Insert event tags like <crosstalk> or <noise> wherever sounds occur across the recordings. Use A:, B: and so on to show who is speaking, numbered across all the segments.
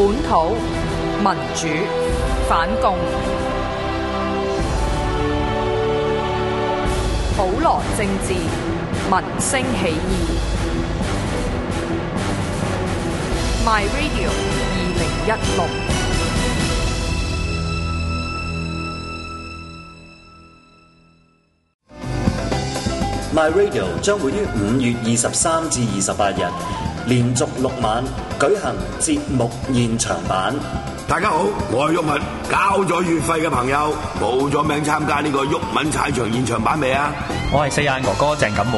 A: 本土民主反共，普羅政治民
B: 聲起義。
A: My Radio
B: 二零一六。
A: My Radio 將會於五月二十三至二十八日。連續六晚舉行節
B: 目現場版。大家好，我係郁文，交咗月費嘅朋友，報咗名參加呢個郁文踩場現場版未啊？我係四眼哥哥鄭錦滿，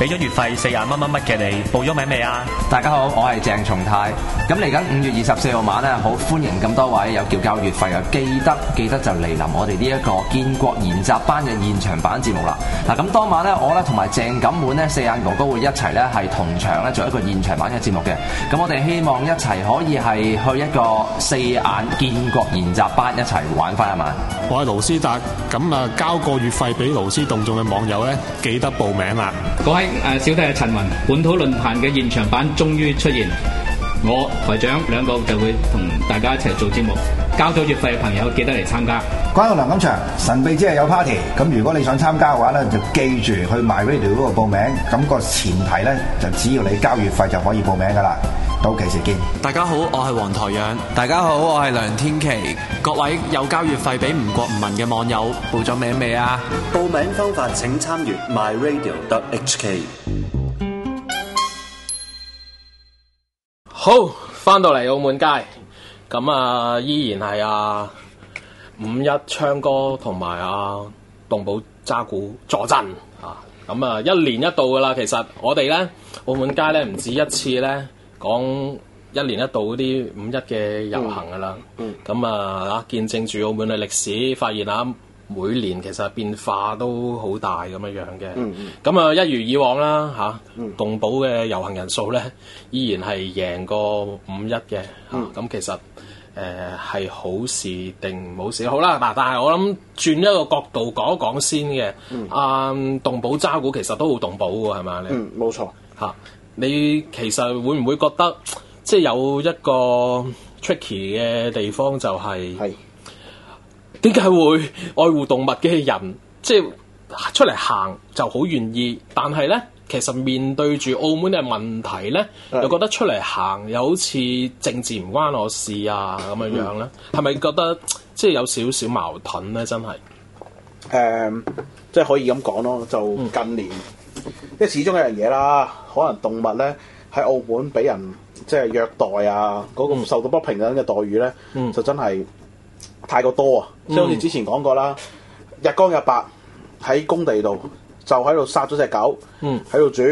B: 俾咗月費四廿乜乜乜嘅你，報咗名未啊？大家好，我係鄭松泰，咁嚟緊五月二十四號晚咧，好歡迎咁多位有叫交月費，啊，記得記得就嚟臨我哋呢一個建國研習班嘅現場版節目啦。嗱，咁當晚咧，我咧同埋鄭錦滿咧，四眼哥哥會一齊咧係同場咧做一個現場。玩嘅節目嘅，咁我哋希望一齊可以係去一個四眼建國研習班一齊玩翻一晚。我係盧斯達，咁啊交個月費俾勞師動眾嘅網友咧，記得報名啦。各位誒，小弟陳雲本土論壇嘅現場版終於出現。我台長兩個就會同大家一齊做節目，交咗月費嘅朋友記得嚟參加。
C: 觀眾梁錦祥
A: 神秘之夜有 party，咁如果你想參加嘅話咧，就記住去 My Radio 嗰度報名，咁個前提咧就只要你交月費就可以報名噶啦。到期時見。
B: 大家好，我係黃台長。大家好，我係梁天琦。各位有交月費俾吳國唔民嘅網友，報咗名未啊？報名方法請參閱 My Radio HK。.好，翻到嚟澳門街，咁啊依然係啊，五一鏘哥同埋阿動保渣古坐鎮啊，咁啊，啊一年一度噶啦，其實我哋咧澳門街咧唔止一次咧講一年一度嗰啲五一嘅遊行噶啦，咁、嗯嗯、啊見證住澳門嘅歷史，發現啊。每年其實變化都好大咁樣樣嘅，咁啊、嗯、一如以往啦嚇，啊嗯、動保嘅遊行人數咧依然係贏過五一嘅，咁、嗯啊、其實誒係、呃、好事定冇事？好啦，嗱但係我諗轉一個角度講一講先嘅，嗯、啊動保渣古其實都好動保嘅係嘛？你冇錯嚇，你其實會唔會覺得即係有一個 tricky 嘅地方就係？點解會愛護動物嘅人，即係出嚟行就好願意，但係咧，其實面對住澳門嘅問題咧，是又覺得出嚟行又好似政治唔關我事啊咁樣樣咧，係咪、嗯、覺得即係有少少矛盾咧？真係，
A: 誒，即係可以咁講咯。就近年，即係、嗯、始終一樣嘢啦，可能動物咧喺澳門俾人即係虐待啊，嗰個受到不平等嘅待遇咧，就真係。嗯太過多啊！即係好似之前講過啦，日光日白喺工地度就喺度殺咗隻狗，喺度、嗯、煮，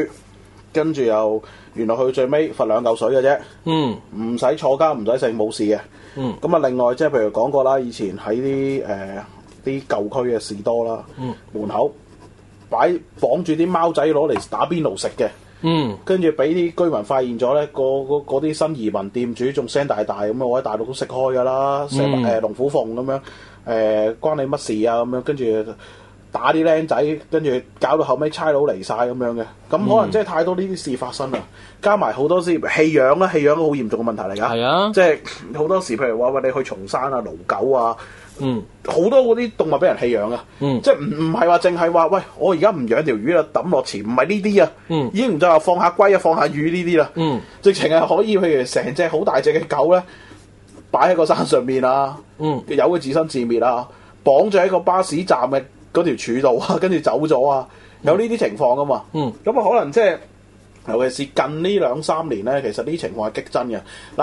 A: 跟住又原來佢最尾罰兩嚿水嘅啫，唔使、嗯、坐監，唔使食，冇事嘅。咁啊、嗯，另外即係譬如講過啦，以前喺啲誒啲舊區嘅士多啦，嗯、門口擺綁住啲貓仔攞嚟打邊爐食嘅。嗯，跟住俾啲居民發現咗咧，嗰個嗰啲、嗰個、新移民店主仲聲大大咁啊！我喺大陸都食開噶啦，成誒、呃、龍虎鳳咁樣誒、呃，關你乜事啊咁樣？跟住打啲僆仔，跟住搞到後尾差佬嚟晒咁樣嘅，咁可能真係太多呢啲事發生啦。加埋好多啲棄養啦，棄養都好嚴重嘅問題嚟噶，啊、即係好多時譬如話喂你去松山啊、盧狗啊。嗯，好多嗰啲動物俾人棄養啊，嗯，即係唔唔係話淨係話喂，我而家唔養條魚啦，抌落池，唔係呢啲啊，嗯，已經唔再話放下龜啊，放下魚呢啲啦，嗯，直情係可以，譬如成隻好大隻嘅狗咧，擺喺個山上面啊，嗯，有佢自生自滅啊，綁住喺個巴士站嘅嗰條柱度啊， <laughs> 跟住走咗啊，有呢啲情況噶嘛，嗯，咁啊、嗯、可能即係，尤其是近呢兩三年咧，其實呢情況係激增嘅，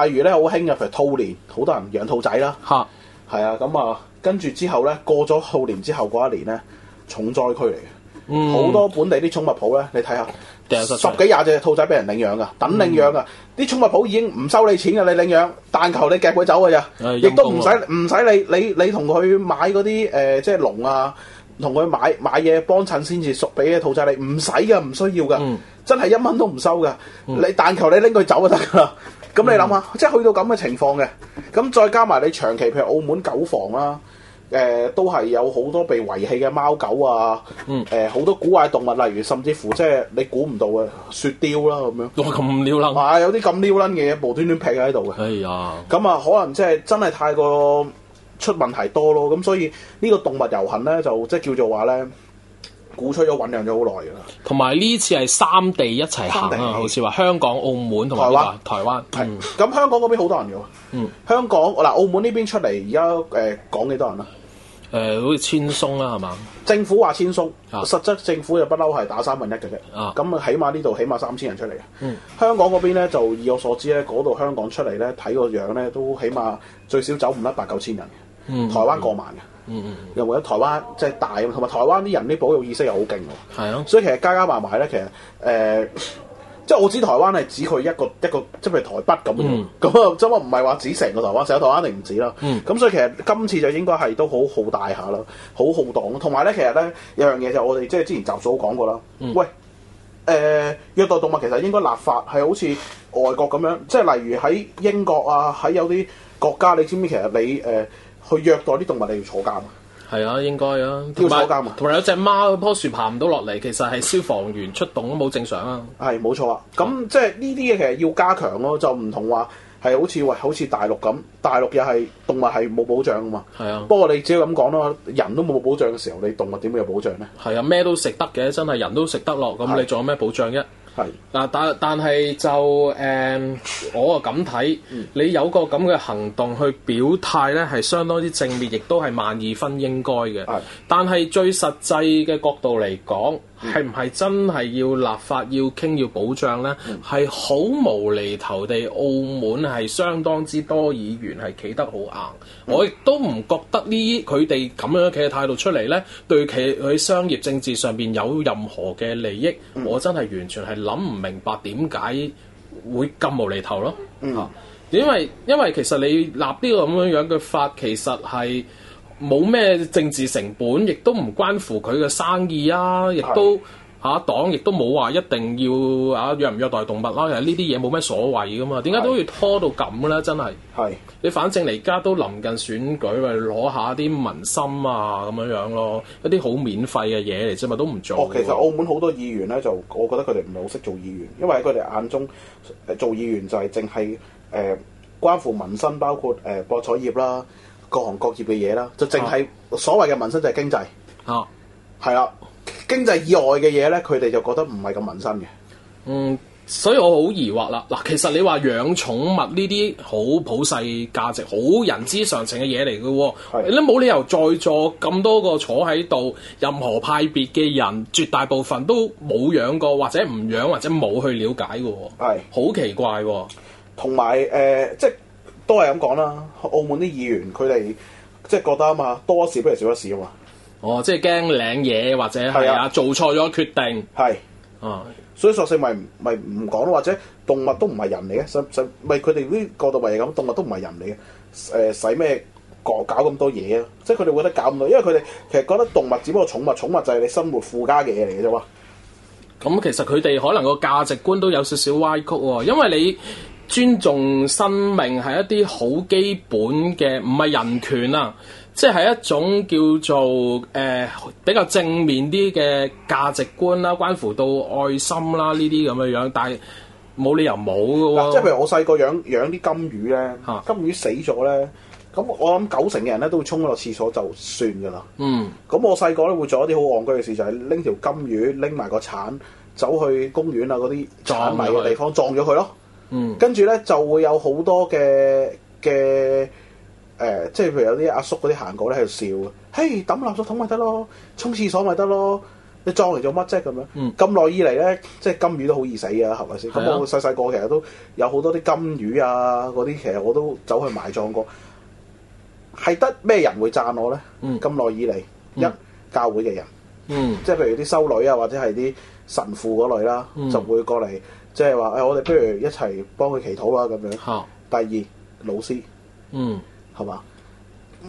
A: 例如咧好興嘅，譬如兔年，好多人養兔仔啦，吓。係啊，咁啊，跟住之後咧，過咗後年之後嗰一年咧，重災區嚟嘅，好、嗯、多本地啲寵物鋪咧，你睇下，十幾廿隻兔仔俾人領養噶，等領養噶，啲寵物鋪已經唔收你錢噶，你領養，但求你夾佢走噶咋，亦都唔使唔使你你你同佢買嗰啲誒，即係籠啊，同佢買買嘢幫襯先至，送俾嘅兔仔你唔使噶，唔需要噶，真係一蚊都唔收噶，你但求你拎佢走就得噶啦。咁你諗下，即係去到咁嘅情況嘅，咁再加埋你長期譬如澳門狗房啦、啊，誒、呃、都係有好多被遺棄嘅貓狗啊，誒好、嗯呃、多古怪動物，例如甚至乎即係你估唔到嘅雪貂啦咁樣。咁撩撚。係、啊、有啲咁撩撚嘅嘢無端端劈喺度嘅。哎呀！咁啊，可能即係真係太過出問題多咯，咁所以呢個動物遊行咧，就即係叫做話咧。鼓吹咗、醖釀咗好耐嘅啦，
B: 同埋呢次係三地一齊行啊，好似話香港、澳門同埋台灣。台灣係咁，香港嗰邊好多人嘅喎，嗯，香港嗱，
A: 澳門呢邊出嚟而家誒講幾多人
B: 啊？誒好似千
A: 鬆啦係嘛？政府話千鬆，實質政府就不嬲係打三分一嘅啫。啊，咁啊起碼呢度起碼三千人出嚟。嗯，香港嗰邊咧就以我所知咧，嗰度香港出嚟咧睇個樣咧都起碼最少走唔甩八九千人。嗯，台灣過萬嘅。
C: 嗯
A: 嗯，又或者台灣即係大，同埋台灣啲人啲保育意識又好勁喎。係啊，所以其實加加埋埋咧，其實誒、呃，即係我指台灣係指佢一個一個，即係譬如台北咁樣。咁啊、嗯，即係話唔係話指成個台灣，成個台灣定唔指啦。咁、嗯、所以其實今次就應該係都好浩大下啦，好浩蕩。同埋咧，其實咧有樣嘢就我哋即係之前集數講過啦。嗯、喂，誒虐待動物其實應該立法係好似外國咁樣，即係例如喺英國啊，喺有啲國家，你知唔知其實你誒？佢虐待啲動物，你要坐監啊。
B: 係啊，應該啊，要坐監啊。同埋有，有隻貓樖樹爬唔到落嚟，其實係消防員出動都冇正常
A: 啊。係冇錯啊。咁、嗯、即係呢啲嘢其實要加強咯，就唔同話係好似喂，好似大陸咁，大陸又係動物係冇保障啊嘛。係啊。不過你只要咁講咯，人都冇保障嘅時候，你動物點會有保障
B: 咧？係啊，咩都食得嘅，真係人都食得落，咁你仲有咩保障啫？係嗱，但但係就誒、呃，我啊咁睇，嗯、你有個咁嘅行動去表態咧，係相當之正面，亦都係萬二分應該嘅。係，但係最實際嘅角度嚟講。係唔係真係要立法要傾要保障呢？係好、嗯、無厘頭地，澳門係相當之多議員係企得好硬。嗯、我亦都唔覺得呢啲佢哋咁樣企嘅態度出嚟呢對佢佢商業政治上邊有任何嘅利益，嗯、我真係完全係諗唔明白點解會咁無厘頭咯、嗯、因為因為其實你立呢個咁樣樣嘅法，其實係。冇咩政治成本，亦都唔關乎佢嘅生意啊！亦都嚇是、啊、黨，亦都冇話一定要虐唔虐待動物啦、啊。其實呢啲嘢冇咩所謂噶嘛，點解都要拖到咁咧？真係，係是你反正而家都臨近選舉，咪攞下啲民心啊咁樣樣咯，一啲好免費嘅嘢嚟啫嘛，都唔做、哦。其實
A: 澳門好多議員咧，就我覺得佢哋唔係好識做議員，因為佢哋眼中做議員就係淨係誒關乎民生，包括誒、呃、博彩業啦。各行各業嘅嘢啦，就淨係所謂嘅民生就係經
B: 濟，係啦、啊，經濟以外嘅嘢咧，佢哋就覺得唔係咁民生嘅。嗯，所以我好疑惑啦。嗱，其實你話養寵物呢啲好普世價值、好人之常情嘅嘢嚟嘅，你都冇理由在座咁多個坐喺度，任何派別嘅人，絕大部分都冇養過，或者唔養，或者冇去了解嘅。係是，好奇怪。同埋誒，即係。
A: 都係咁講啦，澳門啲議員佢哋即係覺得啊嘛，多一事不如少一事啊嘛。
B: 哦，即係驚領嘢，或者係啊，的做錯咗決定係。哦的，嗯、所以
A: 索性咪咪唔講咯，或者動物都唔係人嚟嘅，使使咪佢哋啲角度係咁，動物都唔係人嚟嘅。誒、呃，使咩搞搞咁多嘢啊？即係佢哋會得搞咁多，因為佢哋其實覺得動物只不過寵物，寵物就係你生活附加嘅嘢嚟嘅啫嘛。
B: 咁、嗯、其實佢哋可能個價值觀都有少少歪曲，因為你。尊重生命係一啲好基本嘅，唔係人權啊！即係一種叫做誒、呃、比較正面啲嘅價值觀啦、啊，關乎到愛心啦呢啲咁嘅樣，但係冇理由冇嘅喎。即係譬如我
A: 細個養養啲金魚咧，啊、金魚死咗咧，咁我諗九成嘅人咧都會沖落廁所就算嘅啦。嗯，咁我細個咧會做一啲好戇居嘅事，就係、是、拎條金魚，拎埋個鏟，走去公園啊嗰啲闢埋嘅地方撞咗佢咯。跟住咧就會有好多嘅嘅誒，即係譬如有啲阿叔嗰啲行過咧喺度笑，嘿抌垃圾桶咪得咯，沖廁所咪得咯，你葬嚟做乜啫咁樣？嗯，咁耐以嚟咧，即係金魚都好易死嘅，係咪先？咁、嗯、我細細個其實都有好多啲金魚啊，嗰啲其實我都走去埋葬過。係得咩人會贊我咧？嗯，咁耐以嚟，嗯、一教會嘅人，嗯，即係譬如啲修女啊，或者係啲神父嗰類啦，就會過嚟。即係話誒，我哋不如一齊幫佢祈禱啦，咁樣。哈第二，老
B: 師，
C: 嗯，
A: 係嘛？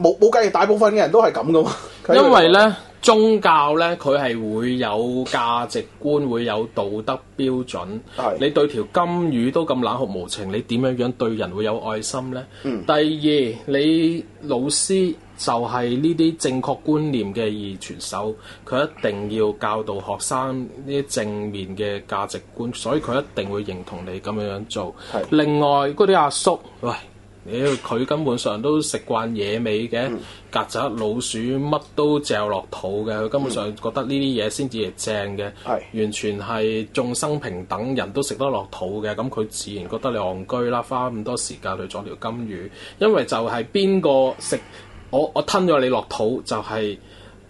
A: 冇冇計？大部分嘅人都係咁噶嘛。因為
B: 咧，宗教咧，佢係會有價值觀，會有道德標準。係是你對條金魚都咁冷酷無情，你點樣樣對人會有愛心咧？嗯、第二，你老師。就係呢啲正確觀念嘅二傳手，佢一定要教導學生呢啲正面嘅價值觀，所以佢一定會認同你咁樣樣做。是另外嗰啲阿叔，喂，佢根本上都食慣野味嘅，曱甴、嗯、老鼠乜都嚼落肚嘅，佢根本上覺得呢啲嘢先至係正嘅，嗯、完全係眾生平等，人都食得落肚嘅，咁佢自然覺得你戇居啦，花咁多時間去咗條金魚，因為就係邊個食？我我吞咗你落肚，就係、是、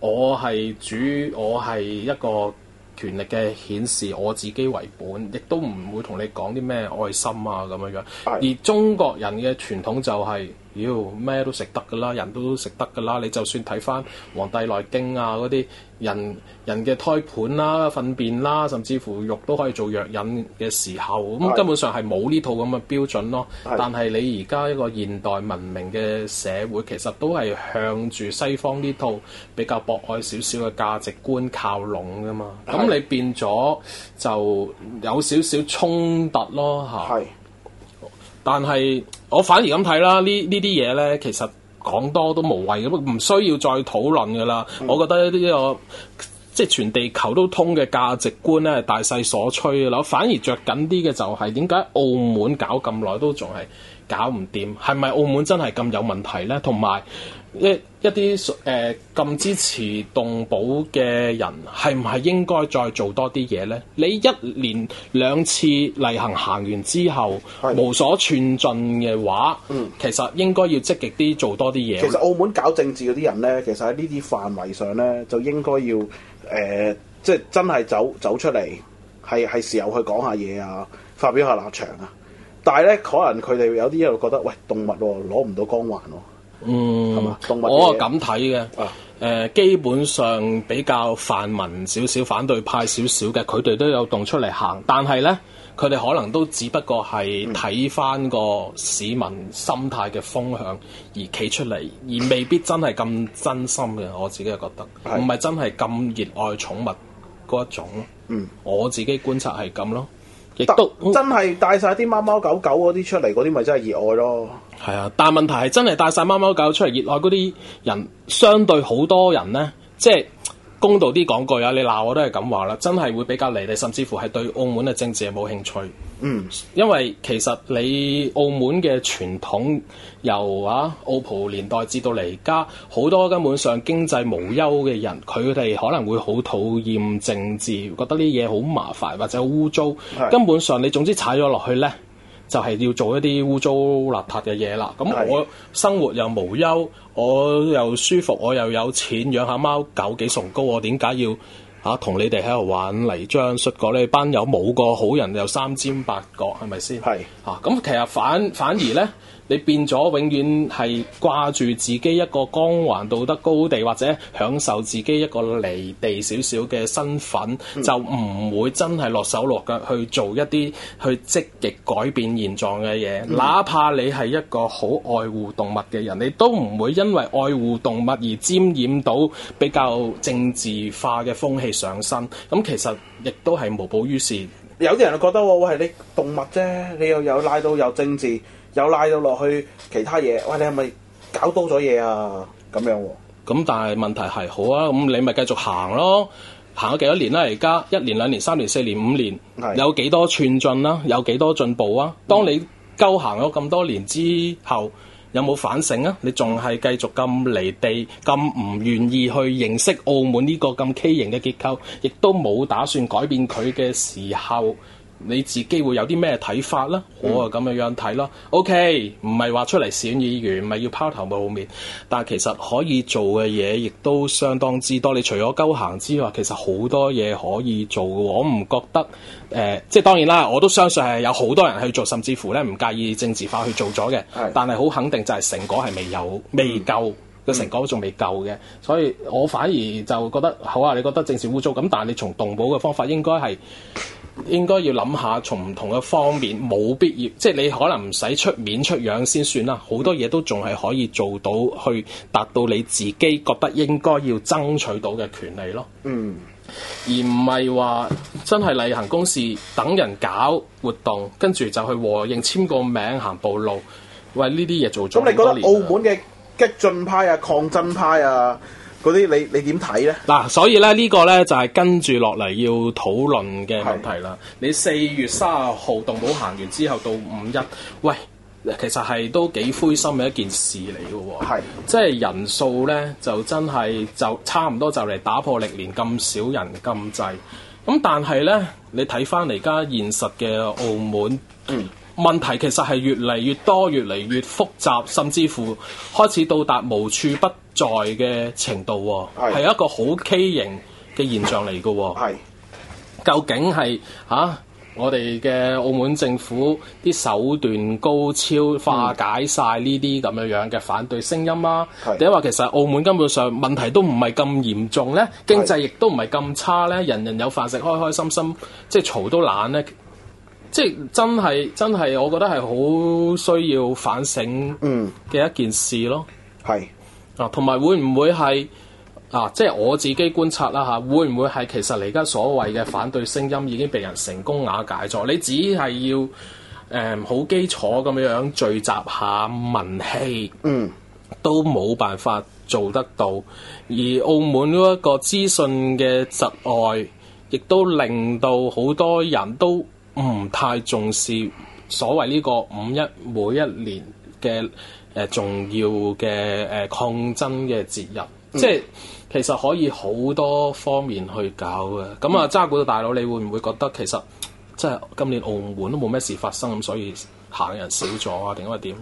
B: 我係主，我係一個權力嘅顯示，我自己為本，亦都唔會同你講啲咩愛心啊咁樣樣。而中國人嘅傳統就係、是。妖，咩都食得噶啦，人都食得噶啦。你就算睇翻《黃帝內經》啊嗰啲人人嘅胎盤啦、啊、糞便啦、啊，甚至乎肉都可以做藥引嘅時候，咁根是、嗯、本上係冇呢套咁嘅標準咯。是但係你而家一個現代文明嘅社會，其實都係向住西方呢套比較博愛少少嘅價值觀靠攏㗎嘛。咁是、嗯、你變咗就有少少衝突咯嚇。是但係。我反而咁睇啦，呢呢啲嘢呢，其實講多都無謂嘅，唔需要再討論嘅啦。我覺得呢個，即係全地球都通嘅價值觀呢，係大勢所趨嘅啦。我反而着緊啲嘅就係點解澳門搞咁耐都仲係搞唔掂，係咪澳門真係咁有問題呢？同埋。一一啲誒咁支持動保嘅人，係唔係應該再做多啲嘢咧？你一年兩次例行行完之後，無所寸進嘅話，嗯、其實應該要積極啲做多啲嘢。其實澳
A: 門搞政治嗰啲人咧，其實喺呢啲範圍上咧，就應該要誒，即、呃、係、就是、真係走走出嚟，係係時候去講下嘢啊，發表下立場啊。但係咧，可能佢哋有啲又覺得，喂動物攞、哦、唔到光環喎、哦。
B: 嗯，吧我係咁睇嘅，誒、啊呃、基本上比較泛民少少、反對派少少嘅，佢哋都有動出嚟行，但係咧，佢哋可能都只不過係睇翻個市民心態嘅風向而企出嚟，嗯、而未必真係咁真心嘅。我自己覺得，唔係是真係咁熱愛寵物嗰一種。嗯，我自己觀察係咁咯。亦都真係帶晒啲貓貓狗狗嗰啲出嚟，嗰啲咪真係熱愛咯。係啊，但係問題係真係帶晒貓貓狗出嚟熱愛嗰啲人，相對好多人呢，即係。公道啲講句啊，你鬧我都係咁話啦，真係會比較離地，甚至乎係對澳門嘅政治係冇興趣。嗯，因為其實你澳門嘅傳統由啊澳葡年代至到嚟家，好多根本上經濟無憂嘅人，佢哋可能會好討厭政治，覺得呢嘢好麻煩或者污糟。是根本上你總之踩咗落去呢。就係要做一啲污糟邋遢嘅嘢啦，咁我生活又無憂，我又舒服，我又有錢養下貓狗幾崇高，我點解要嚇同、啊、你哋喺度玩泥漿摔角，你班友冇個好人有三尖八角，係咪先？係嚇是，咁、啊、其實反反而咧。 <laughs> 你變咗永遠係掛住自己一個光環道德高地，或者享受自己一個離地少少嘅身份，嗯、就唔會真係落手落腳去做一啲去積極改變現狀嘅嘢。嗯、哪怕你係一個好愛護動物嘅人，你都唔會因為愛護動物而沾染到比較政治化嘅風氣上身。咁、嗯、其實亦都係無補於事。有啲
A: 人就覺得我係啲動物啫，你又有拉到有政治，又拉到落去其他嘢，喂，你係咪搞多咗嘢啊？咁樣
B: 喎。咁但係問題係好啊，咁你咪繼續行咯，行咗幾多年啦、啊？而家一年兩年三年四年五年，是有幾多寸進進、啊、啦？有幾多進步啊？當你鳩行咗咁多年之後。嗯有冇反省啊？你仲係繼續咁離地，咁唔願意去認識澳門呢個咁畸形嘅結構，亦都冇打算改變佢嘅時候。你自己會有啲咩睇法咧？嗯、我啊咁樣樣睇咯。OK，唔係話出嚟選議員，咪要拋頭露面。但係其實可以做嘅嘢，亦都相當之多。你除咗鳩行之外，其實好多嘢可以做嘅。我唔覺得、呃、即係當然啦。我都相信係有好多人去做，甚至乎呢唔介意政治化去做咗嘅。的但係好肯定就係成果係未有、未夠嘅、嗯、成果仲未夠嘅。嗯、所以我反而就覺得好啊！你覺得政治污糟咁，但係你從動保嘅方法應該係。應該要諗下，從唔同嘅方面，冇必要，即係你可能唔使出面出樣先算啦。好多嘢都仲係可以做到，去達到你自己覺得應該要爭取到嘅權利咯。
C: 嗯，
B: 而唔係話真係例行公事，等人搞活動，跟住就去和應簽個名，行步路，為呢啲嘢做咗。咁你覺得澳門
A: 嘅激進派啊，抗爭派啊？嗰啲你你點睇
B: 呢？嗱、啊，所以咧呢個呢，就係、是、跟住落嚟要討論嘅問題啦。是你四月三十號動保行完之後到五一，喂，其實係都幾灰心嘅一件事嚟嘅喎。是即係人數呢，就真係就差唔多就嚟打破歷年咁少人咁滯。咁但係呢，你睇翻嚟而家現實嘅澳門嗯。問題其實係越嚟越多、越嚟越複雜，甚至乎開始到達無處不在嘅程度，係是一個好畸形嘅現象嚟嘅。係是究竟係吓、啊、我哋嘅澳門政府啲手段高超，化解晒呢啲咁樣樣嘅反對聲音啦？定係話其實澳門根本上問題都唔係咁嚴重呢？經濟亦都唔係咁差呢？人人有飯食，開開心心，即係嘈都懶呢。即係真係真係，我覺得係好需要反省嘅一件事咯。係、嗯、啊，同埋會唔會係啊？即係我自己觀察啦嚇，會唔會係其實你而家所謂嘅反對聲音已經被人成功瓦解咗。你只係要誒好、嗯、基礎咁樣聚集下民氣，嗯，都冇辦法做得到。而澳門呢一個資訊嘅窒礙，亦都令到好多人都。唔太重視所謂呢個五一每一年嘅誒、呃、重要嘅誒、呃、抗爭嘅節日，嗯、即係其實可以好多方面去搞嘅。咁啊、嗯，渣古嘅大佬，你會唔會覺得其實即係今年澳門都冇咩事發生咁，所以行人少咗啊？定因為點？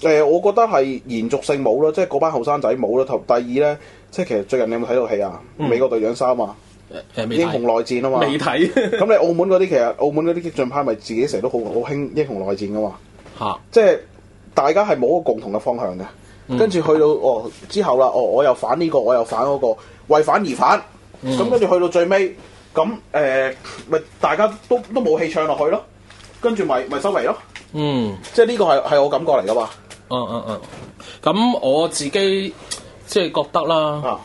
B: 誒、
A: 呃，我覺得係延續性冇啦，即係嗰班後生仔冇啦。頭第二咧，即係其實最近你有冇睇到戲啊？嗯、美國隊長三啊！英雄內戰啊嘛，未睇。咁 <laughs> 你澳門嗰啲其實澳門嗰啲激進派咪自己成日都好好興英雄內戰噶嘛，吓、啊，即係大家係冇個共同嘅方向嘅，跟住去到哦之後啦、啊，哦我又反呢、這個我又反嗰、那個，為反而反，咁跟住去到最尾，咁誒咪大家都都冇氣唱落去咯，跟住咪咪收尾咯、嗯嗯，嗯，即係呢個係係我感覺嚟噶嘛，嗯嗯
B: 嗯，咁我自己即係覺得啦。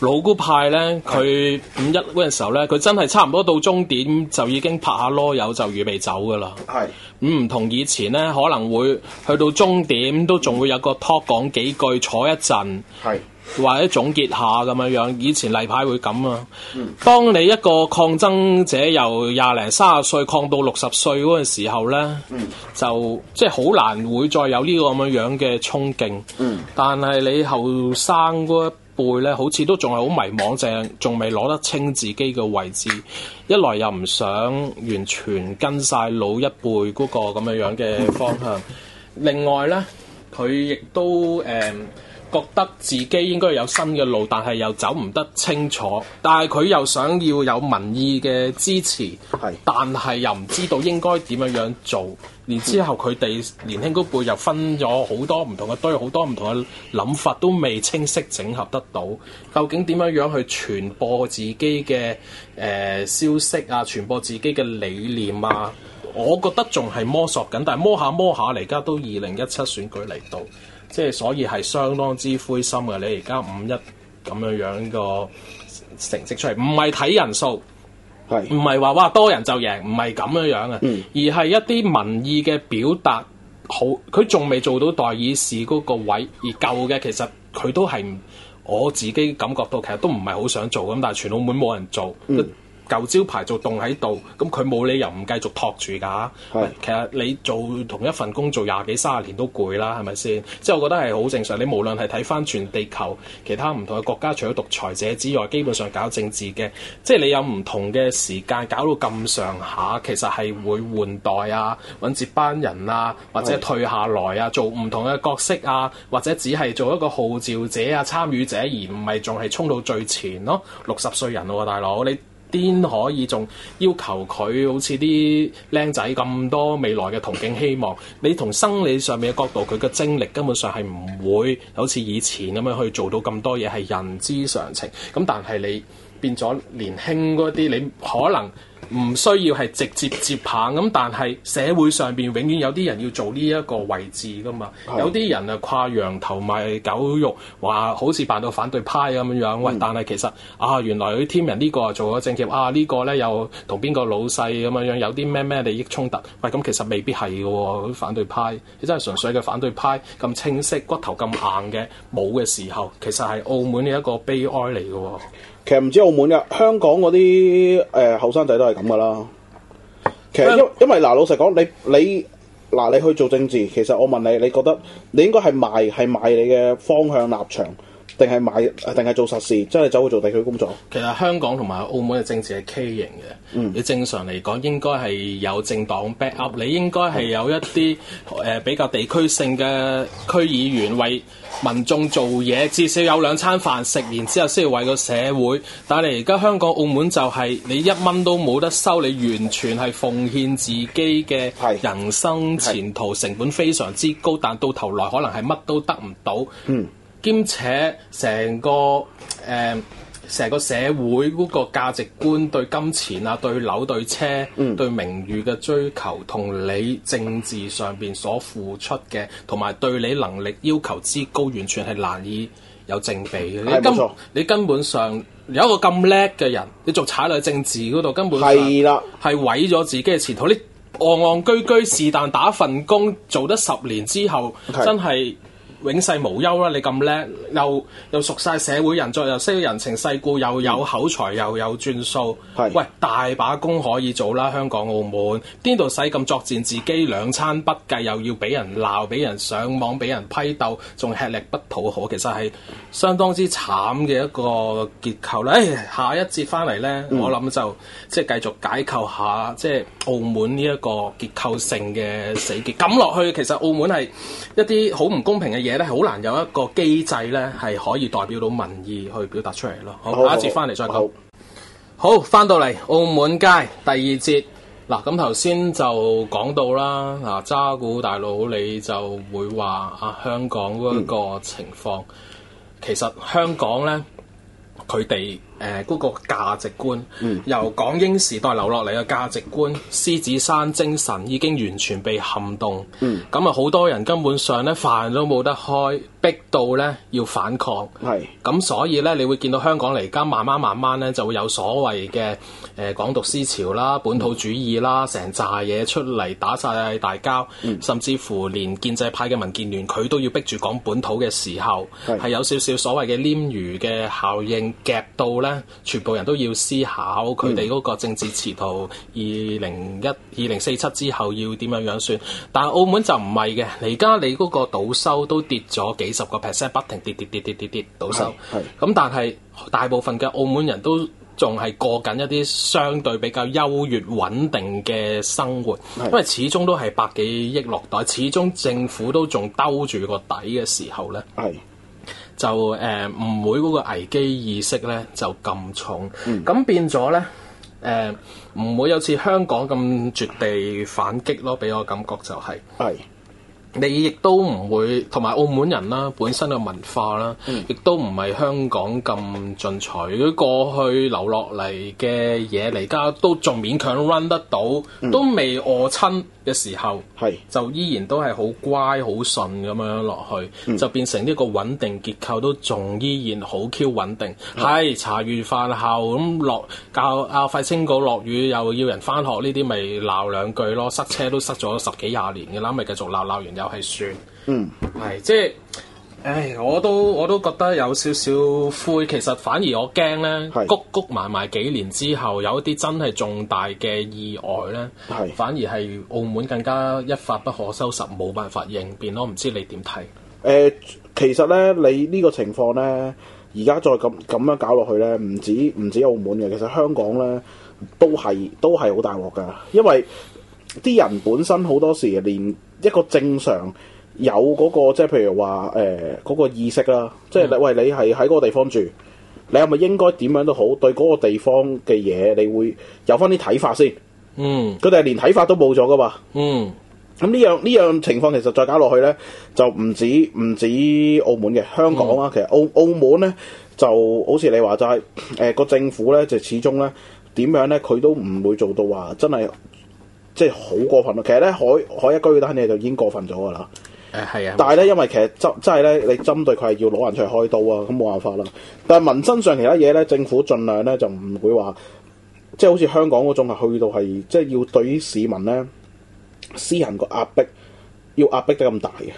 B: 老古派呢，佢五一嗰陣時候呢，佢真係差唔多到終點就已經拍下囉柚就預備走噶啦。係咁唔同以前呢，可能會去到終點都仲會有個 talk 講幾句，坐一陣，係是或者總結下咁樣樣。以前例牌會咁啊。嗯。當你一個抗爭者由廿零三十歲抗到六十歲嗰陣時候呢，嗯、就即係好難會再有呢個咁樣樣嘅衝勁。嗯。但係你後生輩咧，好似都仲係好迷茫，正仲未攞得清自己嘅位置。一來又唔想完全跟晒老一輩嗰個咁樣樣嘅方向。另外呢，佢亦都誒、嗯、覺得自己應該有新嘅路，但係又走唔得清楚。但係佢又想要有民意嘅支持，係是，但係又唔知道應該點樣樣做。然之後佢哋年輕嗰輩又分咗好多唔同嘅堆，好多唔同嘅諗法都未清晰整合得到。究竟點樣樣去傳播自己嘅誒、呃、消息啊？傳播自己嘅理念啊？我覺得仲係摸索緊，但係摸下摸下，嚟家都二零一七選舉嚟到，即係所以係相當之灰心嘅。你而家五一咁樣樣個成績出嚟，唔係睇人數。唔係話哇多人就贏，唔係咁樣樣嘅，而係一啲民意嘅表達好，佢仲未做到代議士嗰個位而夠嘅。其實佢都係我自己感覺到，其實都唔係好想做咁，但係全澳門冇人做。嗯。舊招牌做凍喺度，咁佢冇理由唔繼續托住㗎。是其實你做同一份工做廿幾三十年都攰啦，係咪先？即係我覺得係好正常。你無論係睇翻全地球其他唔同嘅國家，除咗獨裁者之外，基本上搞政治嘅，即係你有唔同嘅時間搞到咁上下，其實係會換代啊，揾接班人啊，或者退下來啊，做唔同嘅角色啊，或者只係做一個號召者啊、參與者，而唔係仲係衝到最前咯。六十歲人喎，大佬你。先可以仲要求佢好似啲靚仔咁多未來嘅憧憬希望。你從生理上面嘅角度，佢嘅精力根本上係唔會好似以前咁樣去做到咁多嘢，係人之常情。咁但係你。變咗年輕嗰啲，你可能唔需要係直接接棒咁，但係社會上邊永遠有啲人要做呢一個位置噶嘛。Oh. 有啲人啊掛羊頭賣狗肉，話好似扮到反對派咁樣樣。喂，但係其實啊，原來啲天人呢個啊做咗政協，啊、呢個、呢個咧又同邊個老細咁樣樣有啲咩咩利益衝突？喂，咁其實未必係嘅喎，反對派，你真係純粹嘅反對派咁清晰、骨頭咁硬嘅冇嘅時候，其實係澳門嘅一個悲哀嚟嘅。
A: 其實唔止澳門噶，香港嗰啲誒後生仔都係咁噶啦。其實因為因為嗱、呃，老實講，你你嗱、呃，你去做政治，其實我問你，你覺得你應該係賣係賣你嘅方向立場，定係賣定係做實事，即係走去做地區工作？
B: 其實香港同埋澳門嘅政治係畸形嘅，嗯、你正常嚟講應該係有政黨 back up，你應該係有一啲誒、嗯呃、比較地區性嘅區議員為。民眾做嘢至少有兩餐飯，食完之後先要為個社會。但係你而家香港澳門就係、是、你一蚊都冇得收，你完全係奉獻自己嘅人生前途，成本非常之高，但到頭來可能係乜都得唔到。
C: 嗯，
B: 兼且成個誒。呃成個社會嗰個價值觀對金錢啊、對樓、對車、嗯、對名譽嘅追求，同你政治上邊所付出嘅，同埋對你能力要求之高，完全係難以有正比嘅。你根你根本上有一個咁叻嘅人，你仲踩落政治嗰度，根本係啦，係毀咗自己嘅前途。你戇戇居居是但打份工，做得十年之後，是真係。永世無憂啦！你咁叻，又又熟晒社會人再際又識人情世故，又有口才，又有轉數是，喂，大把工可以做啦！香港、澳門邊度使咁作戰，自己兩餐不計，又要俾人鬧，俾人上網，俾人批鬥，仲吃力不討好。其實係相當之慘嘅一個結構咧，嗯。哎，下一節翻嚟咧，我諗就即係繼續解構下即係澳門呢一個結構性嘅死結，咁落去其實澳門係一啲好唔公平嘅。嘢咧，好難有一個機制咧，係可以代表到民意去表達出嚟咯好。好，下一節翻嚟再講。好，翻到嚟澳門街第二節。嗱、啊，咁頭先就講到啦。嗱、啊，渣古大佬你就會話啊，香港嗰個情況，嗯、其實香港呢，佢哋。誒，呃嗰個價值觀，嗯、由港英時代留落嚟嘅價值觀，獅子山精神已經完全被撼動。咁啊、嗯，好多人根本上咧，飯都冇得開，逼到咧要反抗。係咁是所以咧，你會見到香港嚟而家慢慢慢慢咧，就會有所謂嘅誒港獨思潮啦、本土主義啦，成扎嘢出嚟打晒大交，嗯、甚至乎連建制派嘅民建聯，佢都要逼住講本土嘅時候，係是有少少所謂嘅鯰魚嘅效應夾到咧。全部人都要思考佢哋嗰個政治前途。嗯、二零一二零四七之後要點樣樣算？但澳門就唔係嘅。而家你嗰個賭收都跌咗幾十個 percent，不停跌，跌跌跌跌跌跌，賭收。咁、嗯、但係大部分嘅澳門人都仲係過緊一啲相對比較優越穩定嘅生活，是因為始終都係百幾億落袋，始終政府都仲兜住個底嘅時候咧。係。就誒唔、呃、會嗰個危機意識咧就咁重，咁、嗯、變咗咧誒唔會有似香港咁絕地反擊咯，俾我感覺就係、是。係是。你亦都唔會同埋澳門人啦，本身嘅文化啦，亦、嗯、都唔係香港咁進取。過去留落嚟嘅嘢嚟，而家都仲勉強 run 得到，都未餓親。嗯嗯嘅時候，係是就依然都係好乖好順咁樣落去，嗯、就變成呢個穩定結構都仲依然好 Q 穩定。係是茶餘飯後咁落、嗯、教阿費青稿落雨又要人返學呢啲，咪鬧兩句咯。塞車都塞咗十幾廿年嘅啦，咪繼續鬧，鬧完又係算。嗯，係即係。唉，我都我都覺得有少少灰。其實反而我驚呢，谷谷埋埋幾年之後，有一啲真係重大嘅意外呢，是反而係澳門更加一發不可收拾，冇辦法應變咯。唔知你點睇？
A: 誒、呃，其實呢，你呢個情況呢，而家再咁咁樣搞落去呢，唔止唔止澳門嘅，其實香港呢，都係都係好大鑊噶，因為啲人本身好多時連一個正常。有嗰、嗰個即係譬如話誒嗰個意識啦，即係你餵你係喺嗰個地方住，你係咪應該點樣都好對嗰個地方嘅嘢，你會有翻啲睇法先？嗯，佢哋係連睇法都冇咗噶嘛？嗯，咁呢樣呢樣情況其實再搞落去咧，就唔止唔止澳門嘅香港啊，嗯、其實澳澳門咧就好似你話齋係誒個政府咧，就始終咧點樣咧，佢都唔會做到話真係即係好過分咯。其實咧，海海一居嗰單嘢就已經過分咗噶啦。係啊，但係咧，錯因為其實針即係咧，你針對佢係要攞人出嚟開刀啊，咁冇辦法啦。但係民生上其他嘢咧，政府儘量咧就唔會話，即、就、係、是、好似香港嗰種係去到係即係要對於市民咧私人個壓迫，要壓迫得咁大嘅。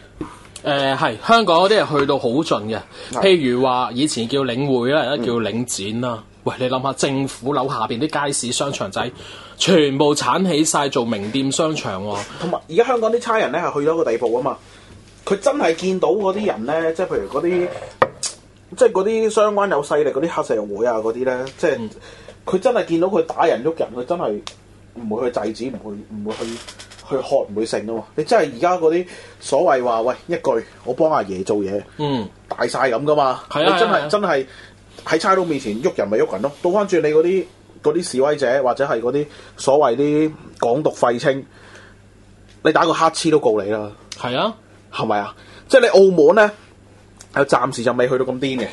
C: 誒
B: 係、呃、香港嗰啲係去到好盡嘅，的譬如話以前叫領匯啦，叫領展啦、啊。嗯、喂，你諗下，政府樓下邊啲街市商場仔全部鏟起晒做名店商場喎、
A: 啊。同埋而家香港啲差人咧係去到一個地步啊嘛～佢真係見到嗰啲人咧，即係譬如嗰啲，即係嗰啲相關有勢力嗰啲黑社會啊嗰啲咧，即係佢真係見到佢打人喐人，佢真係唔會去制止，唔會唔會去去喝，唔會勝啊嘛！你真係而家嗰啲所謂話喂一句，我幫阿爺做嘢，
C: 嗯，
A: 大晒咁噶嘛！啊、你真係、啊、真係喺差佬面前喐人咪喐人咯、啊，倒翻轉你嗰啲啲示威者或者係嗰啲所謂啲港獨廢青，你打個乞嗤都告你啦，係啊！係咪啊？即係你澳門咧，
B: 啊暫時就未去到咁癲嘅，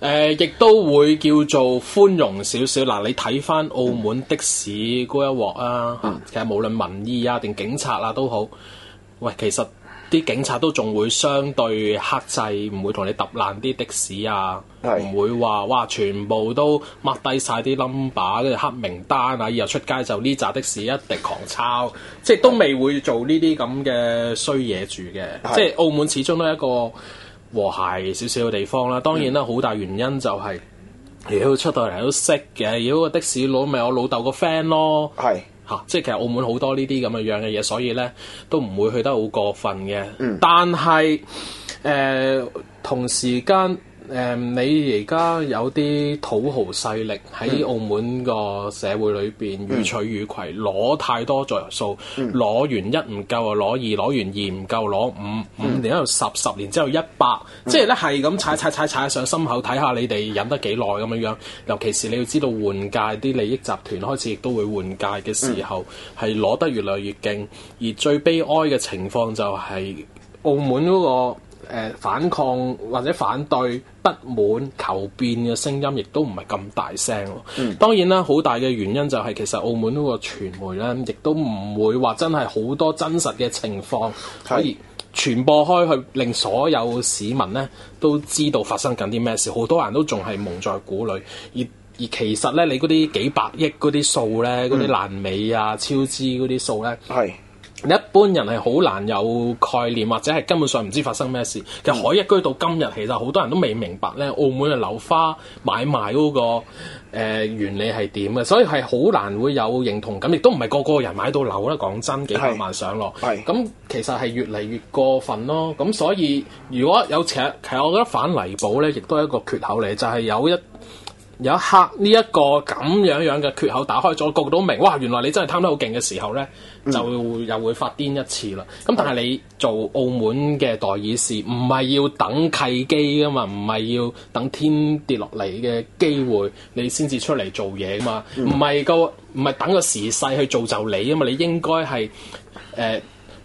B: 誒亦、呃、都會叫做寬容少少。嗱，你睇翻澳門的士嗰一鑊啊，嗯、其實無論民意啊定警察啊都好，喂，其實。啲警察都仲會相對克制，唔會同你揼爛啲的士啊，唔是會話哇全部都抹低晒啲 number 跟住黑名單啊，以後出街就呢紮的士一定狂抄， <laughs> 即係都未會做呢啲咁嘅衰嘢住嘅。是即係澳門始終都係一個和諧少少嘅地方啦。當然啦，好、嗯、大原因就係、是，如果出到嚟都識嘅，如果個的士佬咪、就是、我老豆個 friend 咯。嚇！即係其實澳門好多呢啲咁嘅樣嘅嘢，所以咧都唔會去得好過分嘅。嗯、但係誒、呃，同時間。誒，你而家有啲土豪勢力喺澳門個社會裏邊如取如攜，攞太多作油數，攞、嗯、完一唔夠就攞二，攞完二唔夠攞五，五年之後十，十年之後一百，嗯、即係咧係咁踩踩踩踩上心口，睇下你哋忍得幾耐咁樣樣。尤其是你要知道換屆啲利益集團開始亦都會換屆嘅時候，係攞、嗯、得越來越勁。而最悲哀嘅情況就係澳門嗰、嗰個。誒，反抗或者反對不滿求變嘅聲音，亦都唔係咁大聲咯。嗯、當然啦，好大嘅原因就係其實澳門嗰個傳媒咧，亦都唔會話真係好多真實嘅情況可以，係，傳播開去，令所有市民咧都知道發生緊啲咩事。好多人都仲係蒙在鼓裏，而而其實咧，你嗰啲幾百億嗰啲數咧，嗰啲爛尾啊、超支嗰啲數咧，係。一般人係好難有概念，或者係根本上唔知發生咩事。其實海一居到今日，其實好多人都未明白咧，澳門嘅樓花買賣嗰、那個、呃、原理係點嘅，所以係好難會有認同感，亦都唔係個個人買到樓啦。講真，幾百萬上落，咁其實係越嚟越過分咯。咁所以如果有請，其實我覺得反離補咧，亦都係一個缺口嚟，就係、是、有一。有一刻呢一個咁樣樣嘅缺口打開咗，個個都明，哇！原來你真係貪得好勁嘅時候呢，嗯、就又會發癲一次啦。咁但係你做澳門嘅代議士，唔係要等契機㗎嘛，唔係要等天跌落嚟嘅機會，你先至出嚟做嘢嘛。唔係、嗯、個唔係等個時勢去做就你啊嘛，你應該係誒。呃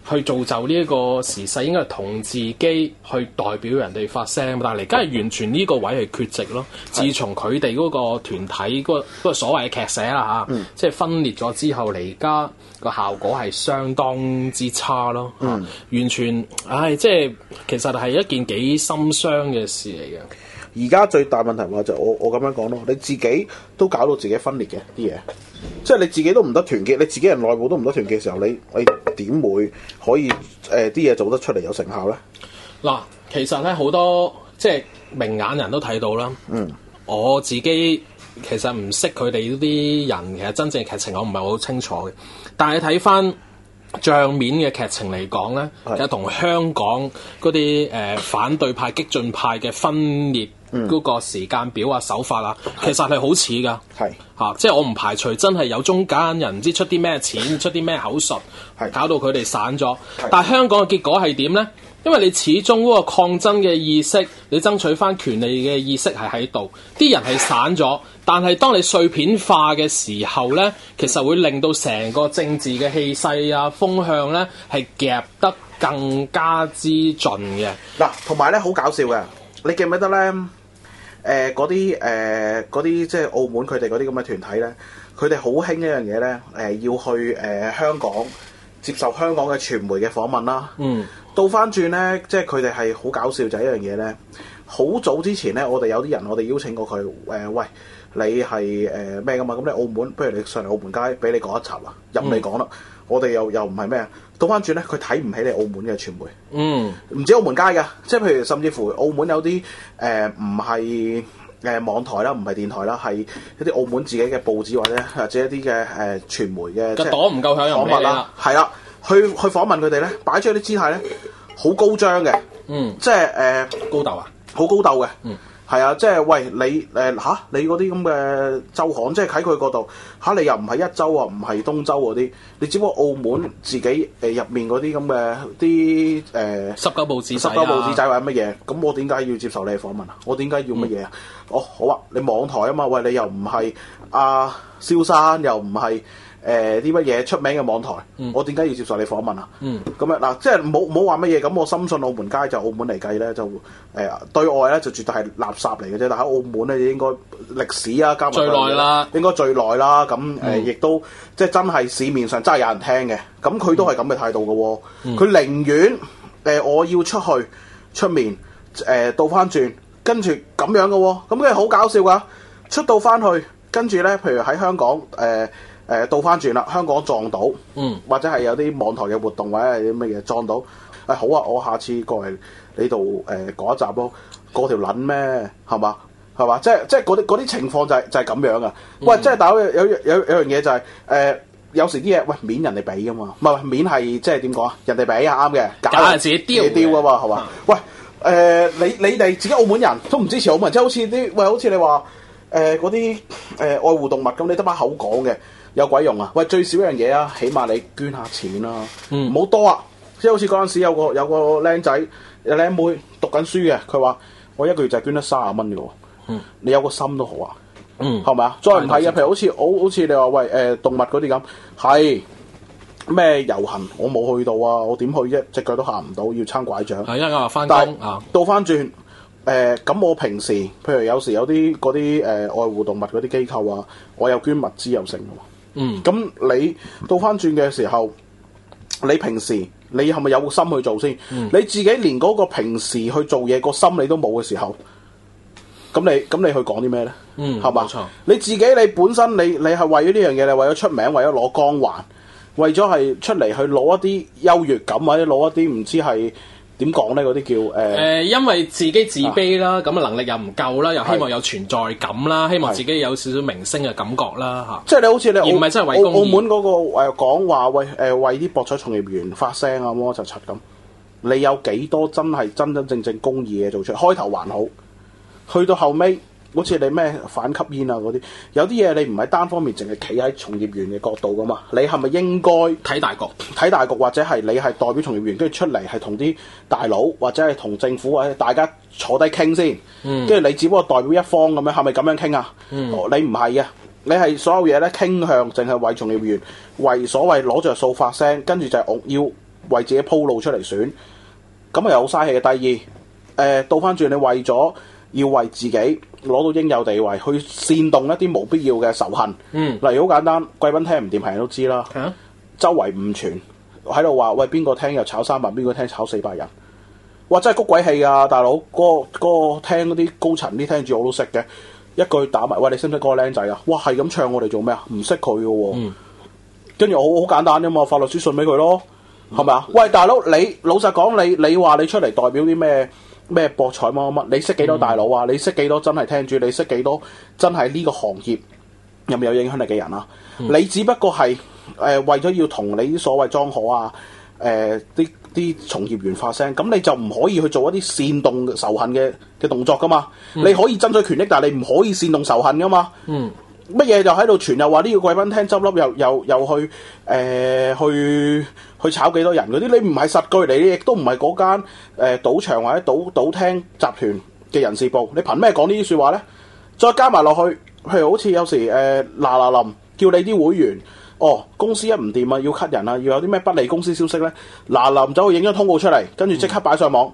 B: 去造就呢一個時勢，應該係同自己去代表人哋發聲，但係嚟緊係完全呢個位係缺席咯。的自從佢哋嗰個團體、嗰個、嗰個、嗰個所謂嘅劇社啦吓，嗯、即係分裂咗之後，嚟家個效果係相當之差咯。嗯、完全，唉，即係其實係一件幾心傷嘅事嚟嘅。
A: 而家最大問題話就我我咁樣講咯，你自己都搞到自己分裂嘅啲嘢，即係你自己都唔得團結，你自己人內部都唔得團結嘅時候，你你。你點會可以誒啲嘢做得出嚟有成效咧？
B: 嗱，其實咧好多即係明眼人都睇到啦。嗯，我自己其實唔識佢哋呢啲人，其實真正劇情我唔係好清楚嘅。但係睇翻帳面嘅劇情嚟講咧，有同是香港嗰啲誒反對派激進派嘅分裂。嗰、嗯、個時間表啊、手法啊，其實係好似㗎，係嚇是、啊，即係我唔排除真係有中間人唔知出啲咩錢、是出啲咩口術，係是搞到佢哋散咗。是但係香港嘅結果係點呢？因為你始終嗰個抗爭嘅意識，你爭取返權利嘅意識係喺度，啲人係散咗。但係當你碎片化嘅時候呢，其實會令到成個政治嘅氣勢啊、風向呢，係夾得更加之盡嘅。嗱、嗯，
A: 同埋呢，好搞笑嘅，你記唔記得呢？誒，嗰啲誒啲即係澳門佢哋嗰啲咁嘅團體咧，佢哋好興一樣嘢咧，誒、呃、要去誒、呃、香港接受香港嘅傳媒嘅訪問啦。嗯，倒翻轉咧，即係佢哋係好搞笑就係一樣嘢咧。好早之前咧，我哋有啲人我哋邀請過佢誒、呃，喂，你係誒咩㗎嘛？咁、呃、你澳門，不如你上嚟澳門街俾你講一集啊，任你講啦，嗯、我哋又又唔係咩？倒翻轉咧，佢睇唔起你澳門嘅傳媒。嗯，唔止澳門街㗎，即係譬如甚至乎澳門有啲誒唔係誒網台啦，唔係電台啦，係一啲澳門自己嘅報紙或者或者一啲嘅誒傳媒嘅。即個檔唔夠響訪物，訪問啦，係啦，去去訪問佢哋咧，擺出啲姿態咧，好高張嘅。嗯，即係誒，呃、高竇啊，好高竇嘅。嗯。係啊，即係喂你誒嚇、呃啊、你嗰啲咁嘅周刊，即係喺佢嗰度嚇、啊、你又唔係一週啊，唔係東周嗰啲，你只不過澳門自己誒入、呃、面嗰啲咁嘅啲誒十
C: 九報紙仔啊，十九報紙仔或
A: 者乜嘢，咁我點解要接受你嘅訪問啊？我點解要乜嘢啊？我、嗯 oh, 好啊，你網台啊嘛，喂你又唔係阿蕭生，又唔係。誒啲乜嘢出名嘅網台，嗯、我點解要接受你訪問啊？咁、嗯、啊嗱，即係冇冇話乜嘢咁，我深信澳門街就澳門嚟計咧，就誒、呃、對外咧就絕對係垃圾嚟嘅啫。但喺澳門咧，應該歷史啊加埋，最耐啦，應該最耐啦。咁誒亦都即係真係市面上真係有人聽嘅。咁佢都係咁嘅態度嘅喎。佢、嗯、寧願誒、呃、我要出去出面誒倒翻轉，跟住咁樣嘅喎。咁佢好搞笑噶，出到翻去跟住咧，譬如喺香港誒。誒倒翻轉啦，香港撞到，嗯、或者係有啲網台嘅活動或者係啲乜嘢撞到，誒、哎、好啊！我下次過嚟你度誒一集咯，過條撚咩係嘛係嘛？即係即係嗰啲啲情況就係、是、就係、是、咁、就是、樣啊！喂，即係但係有有有有樣嘢就係、是、誒、呃、有時啲嘢喂免人哋俾噶嘛，唔係免係即係點講？人哋俾啊，啱嘅、呃，搞人自己丟你丟噶嘛，係嘛？喂誒你你哋自己澳門人都唔支持澳門，即係好似啲喂好似你話誒嗰啲誒愛護動物咁，你得把口講嘅。有鬼用啊！喂，最少一樣嘢啊，起碼你捐下錢啦、啊，唔好、嗯、多啊。即係好似嗰陣時有個有個僆仔有僆妹讀緊書嘅，佢話我一個月就係捐咗卅蚊嘅喎。嗯、你有個心都好啊，係咪、嗯、啊？再唔係啊，譬如好似 Right. 好好似你話喂誒、嗯、動物嗰啲咁係咩遊行，我冇去到啊，我點去啫？隻腳都行唔到，要撐拐杖。係
C: 因為我翻工
A: 翻轉誒咁，是呃嗯、我平時譬如有時有啲嗰啲誒愛護動物嗰啲機構啊，我又捐物資又成嗯，咁你倒翻轉嘅時候，你平時你係咪有個心去做先？嗯、你自己連嗰個平時去做嘢個心你都冇嘅時候，咁你咁你去講啲咩咧？嗯，係嘛吧？冇錯，你自己你本身你你係為咗呢樣嘢，你為咗出名，為咗攞光環，為咗係出嚟去攞一啲優越感或者攞一啲唔知係。點講咧？嗰啲叫誒誒，呃、
B: 因為自己自卑啦，咁啊能力又唔夠啦，又希望有存在感啦，是希望自己有少少明星嘅感覺啦，嚇。即係你好似你唔係真係為澳澳門
A: 嗰、嗰個誒、呃、講話，為誒為啲博彩從業員發聲啊，摩就擦咁。你有幾多真係真真正正公義嘅做出？開頭還好，去到後尾。好似你咩反吸煙啊嗰啲，有啲嘢你唔係單方面淨係企喺從業員嘅角度噶嘛？你係咪應該睇大局？睇大局或者係你係代表從業員跟住出嚟係同啲大佬或者係同政府或者大家坐低傾先，跟住、嗯、你只不過代表一方咁樣，係咪咁樣傾啊？你唔係啊，你係所有嘢咧傾向淨係為從業員，為所謂攞着數發聲，跟住就係我要為自己鋪路出嚟選，咁啊又好嘥氣嘅。第二，誒倒翻轉你為咗要為自己。攞到應有地位，去煽動一啲冇必要嘅仇恨。嗯，例、啊、如好簡單，貴賓廳唔掂，係人都知啦。啊、周圍唔傳，喺度話喂，邊個廳又炒三百，邊個廳炒四百人。哇！真係谷鬼氣啊，大佬。嗰個廳嗰啲高層啲聽住我都識嘅，一句打埋喂，你識唔識嗰個僆仔啊？哇，係咁唱我哋做咩啊？唔識佢嘅喎。嗯。跟住我好簡單啫嘛，發律師信俾佢咯，係咪啊？喂，大佬，你老實講，你你話你，你，你出嚟代表啲咩？咩博彩乜乜？你識幾多大佬啊？你識幾多真係聽住？你識幾多真係呢個行業有唔有影響力嘅人啊？嗯、你只不過係誒、呃、為咗要同你啲所謂莊荷啊誒啲啲從業員發聲，咁你就唔可以去做一啲煽動仇恨嘅嘅動作噶嘛？嗯、你可以爭取權益，但係你唔可以煽動仇恨噶嘛？嗯。乜嘢就喺度傳又話呢個貴賓廳執笠，又又又去誒去去炒幾多人嗰啲？你唔係實據嚟，亦都唔係嗰間誒賭場或者賭賭廳集團嘅人事部，你憑咩講呢啲説話咧？再加埋落去，譬如好似有時誒嗱嗱臨叫你啲會員哦，公司一唔掂啊，要 cut 人啊，要有啲咩不利公司消息咧，嗱臨走去影咗通告出嚟，跟住即刻擺上網。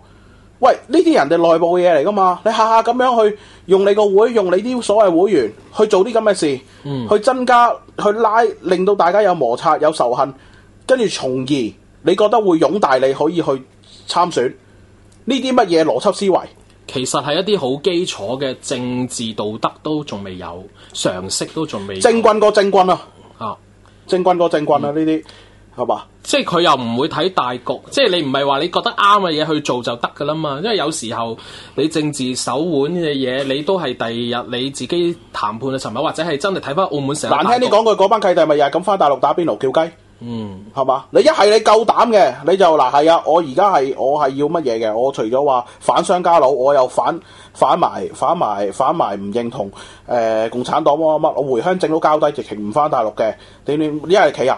A: 喂，呢啲人哋內部嘅嘢嚟噶嘛？你下下咁樣去用你個會，用你啲所謂會員去做啲咁嘅事，嗯、去增加、去拉、令到大家有摩擦、有仇恨，跟住從而你覺得會擁大你可以去參選。呢啲乜嘢邏輯
B: 思維，其實係一啲好基礎嘅政治道德都仲未有，常識都仲未有。正
A: 棍過，正棍啊！啊，正棍過，正棍啊！呢啲。嗯。係嘛？
B: 即係佢又唔會睇大局，即係你唔係話你覺得啱嘅嘢去做就得㗎喇嘛？因為有時候你政治手腕嘅嘢，你都係第二日你自己談判嘅尋日，或者係真係睇翻澳門成日。難聽啲講
A: 句，嗰班契弟咪又係咁翻大陸打邊爐、叫雞？
B: 嗯，
A: 係嘛？你一係你夠膽嘅，你就嗱係啊！我而家係我係要乜嘢嘅？我除咗話反商家佬，我又反反埋反埋反埋唔認同誒、呃、共產黨乜我回鄉證都交低，直情唔翻大陸嘅。你你呢一係企硬？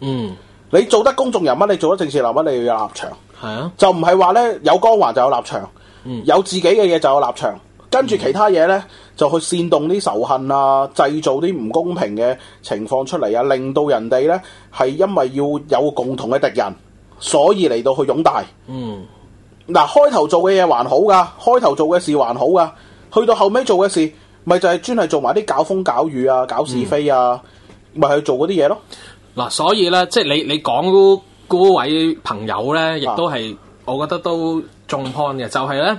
A: 嗯。要你做得公眾人物，你做得政治人物，你要有立場。係啊，就唔係話咧有光環就有立場，嗯、有自己嘅嘢就有立場。跟住其他嘢咧，就去煽動啲仇恨啊，製造啲唔公平嘅情況出嚟啊，令到人哋咧係因為要有共同嘅敵人，所以嚟到去擁戴。
C: 嗯，
A: 嗱、啊，開頭做嘅嘢還好噶，開頭做嘅事還好噶，去到後尾做嘅事，咪就係專係做埋啲搞風搞雨啊，搞是非啊，咪、嗯、去做嗰啲嘢咯。
B: 嗱，所以咧，即係你你講嗰位朋友咧，亦都係，我覺得都重看嘅，就係咧，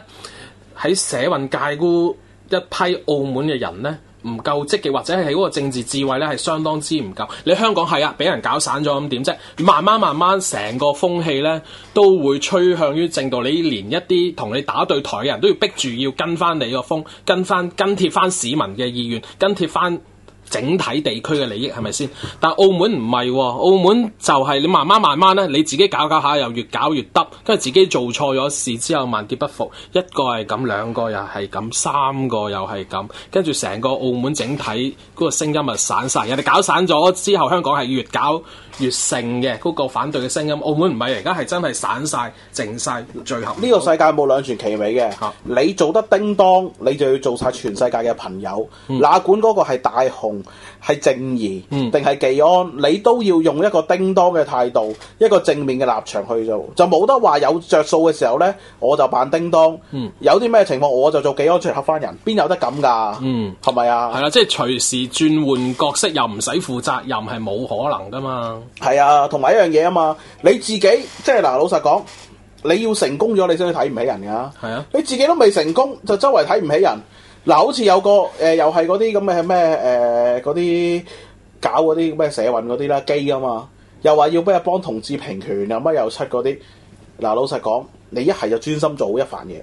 B: 喺社運界估一批澳門嘅人咧，唔夠積極或者係嗰個政治智慧咧，係相當之唔夠。你香港係啊，俾人搞散咗咁點啫？慢慢慢慢，成個風氣咧，都會趨向於正道。你連一啲同你打對台嘅人都要逼住要跟翻你個風，跟翻跟貼翻市民嘅意願，跟貼翻。整體地區嘅利益係咪先？但澳門唔係喎，澳門就係你慢慢慢慢咧，你自己搞搞下，又越搞越得。跟住自己做錯咗事之後，萬劫不復。一個係咁，兩個又係咁，三個又係咁，跟住成個澳門整體嗰個聲音咪散晒，人哋搞散咗之後，香港係越搞越盛嘅嗰、那個反對嘅聲音，澳門唔係而家係真係散晒、靜晒。最後。
A: 呢個世界冇兩全其美嘅嚇。啊、你做得叮當，你就要做晒全世界嘅朋友，哪、嗯啊、管嗰個係大雄。係正義定係技安，嗯、你都要用一個叮當嘅態度，一個正面嘅立場去做，就冇得話有着數嘅時候咧，我就扮叮當。嗯、有啲咩情況我就做技安，做嚇返人，邊有得咁噶？係咪、嗯、有啊？
B: 係啦，即係隨時轉換角色又唔使負責任，係冇可能噶嘛。係、嗯、啊，同埋一樣嘢啊
A: 嘛，你自己即係嗱，老實講，你要成功咗，你先睇唔起人噶。係啊，你自己都未成功，就周圍睇唔起人。嗱，好似有個誒、呃，又係嗰啲咁嘅咩誒，嗰啲、呃、搞嗰啲咩社運嗰啲啦，基啊嘛，又話要幫同志平權又乜又出嗰啲。嗱，老實講，你一係就專心做一範嘢，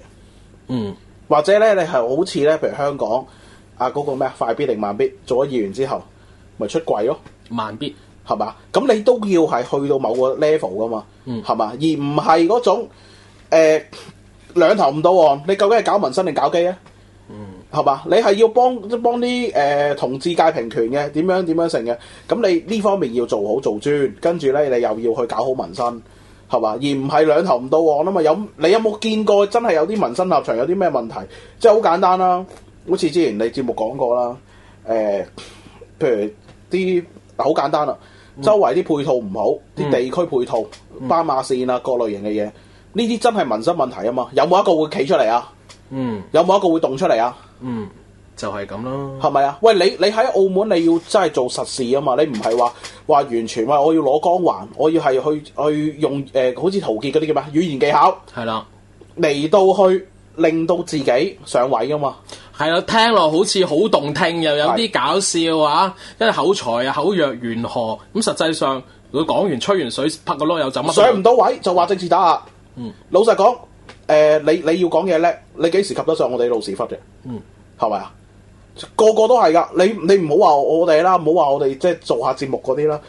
A: 嗯，或者咧，你係好似咧，譬如香港啊，嗰、嗰個咩快必定慢必，做咗議員之後，咪出櫃咯，慢必，係嘛？咁你都要係去到某個 level 噶嘛，嗯，係嘛？而唔係嗰種誒、呃、兩頭唔到岸，你究竟係搞民生定搞基啊？係嘛？你係要幫幫啲誒、呃、同志界平權嘅，點樣點樣成嘅？咁你呢方面要做好做專，跟住咧你又要去搞好民生，係嘛？而唔係兩頭唔到岸啊嘛！有你有冇見過真係有啲民生立場有啲咩問題？即係好簡單啦、啊，好似之前你節目講過啦，誒、呃，譬如啲好簡單啦、啊，周圍啲配套唔好，啲、嗯、地區配套、斑、嗯、馬線啊各類型嘅嘢，呢啲真係民生問題啊嘛！有冇一個會企出嚟啊？
C: 嗯，
A: 有冇一個會動出嚟啊？
C: 嗯，
B: 就係咁
A: 咯，係咪啊？喂，你你喺澳門你要真係做實事啊嘛，你唔係話話完全話我要攞光環，我要係去去用誒，好似陶傑嗰啲叫咩？語言技巧係啦，嚟到去
B: 令到自己上位噶嘛？係啊，聽落好似好動聽，又有啲搞笑啊，因為口才啊，口若懸河咁。實際上佢講完吹完水，拍個囉柚就乜？上唔
A: 到位就話政治打壓。嗯，老實講。誒、呃，你你要講嘢叻，你幾時及得上我哋老屎忽嘅？嗯，係咪啊？個個都係噶，你你唔好話我哋啦，唔好話我哋即係做下節目嗰啲啦。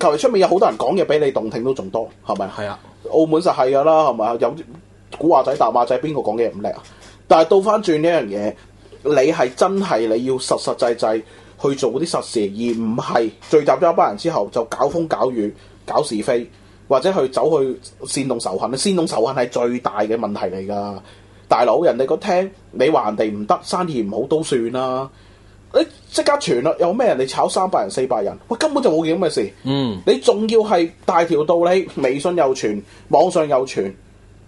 A: 求其出面有好多人講嘢比你動聽都仲多，係咪？係啊，澳門實係噶啦，係咪啊？有古惑仔、大話仔，邊個講嘢唔叻啊？但係倒翻轉呢樣嘢，你係真係你要實實際際去做啲實事，而唔係聚集咗一班人之後就搞風搞雨、搞是非，或者去走去煽動仇恨，煽動仇恨係最大嘅問題嚟噶。大佬，人哋個聽你話人哋唔得，生意唔好都算啦。你即刻傳啦，有咩人哋炒三百人四百人，喂，根本就冇嘢咁嘅事。
C: 嗯，
A: 你仲要係大條道理，微信又傳，網上又傳，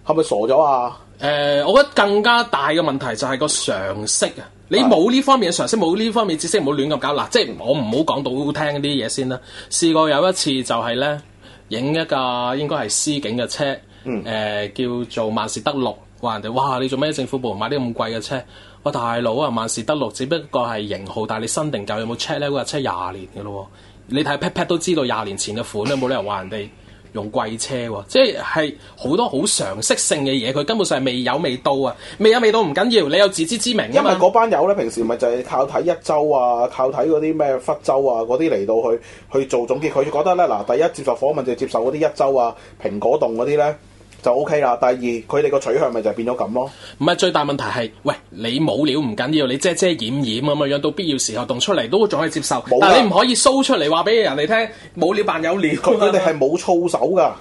A: 係咪傻咗啊？
B: 誒、呃，我覺得更加大嘅問題就係個常識啊！你冇呢方面嘅常識，冇呢方面知識，唔好亂咁搞。嗱，即係我唔好講到好聽啲嘢先啦。試過有一次就係、是、咧。影一架應該係司警嘅車，誒、呃、叫做萬事得六，話人哋哇，你做咩政府部門買啲咁貴嘅車？哇，大佬啊，萬事得六只不過係型號，但係你新定舊有冇 check 咧？嗰架車廿年嘅咯，你睇 pet pet 都知道廿年前嘅款咧，冇理由話人哋。用貴車喎，即係好多好常識性嘅嘢，佢根本上係未有味道啊！未有味道唔緊要，你有自知之明。因為嗰
A: 班友咧，平時咪就係靠睇一週啊，靠睇嗰啲咩忽週啊嗰啲嚟到去去做總結，佢就覺得咧嗱，第一接受訪問就接受嗰啲一週啊蘋果動嗰啲咧。就 OK 啦。第二，佢哋個取向咪就變咗咁咯。
B: 唔係，最大問題係，喂，你冇料唔緊要，你遮遮掩掩咁樣樣到必要時候動出嚟，都仲可以接受。但係你唔可以 show 出嚟話俾人哋聽，冇料扮有料。佢哋係冇操守噶，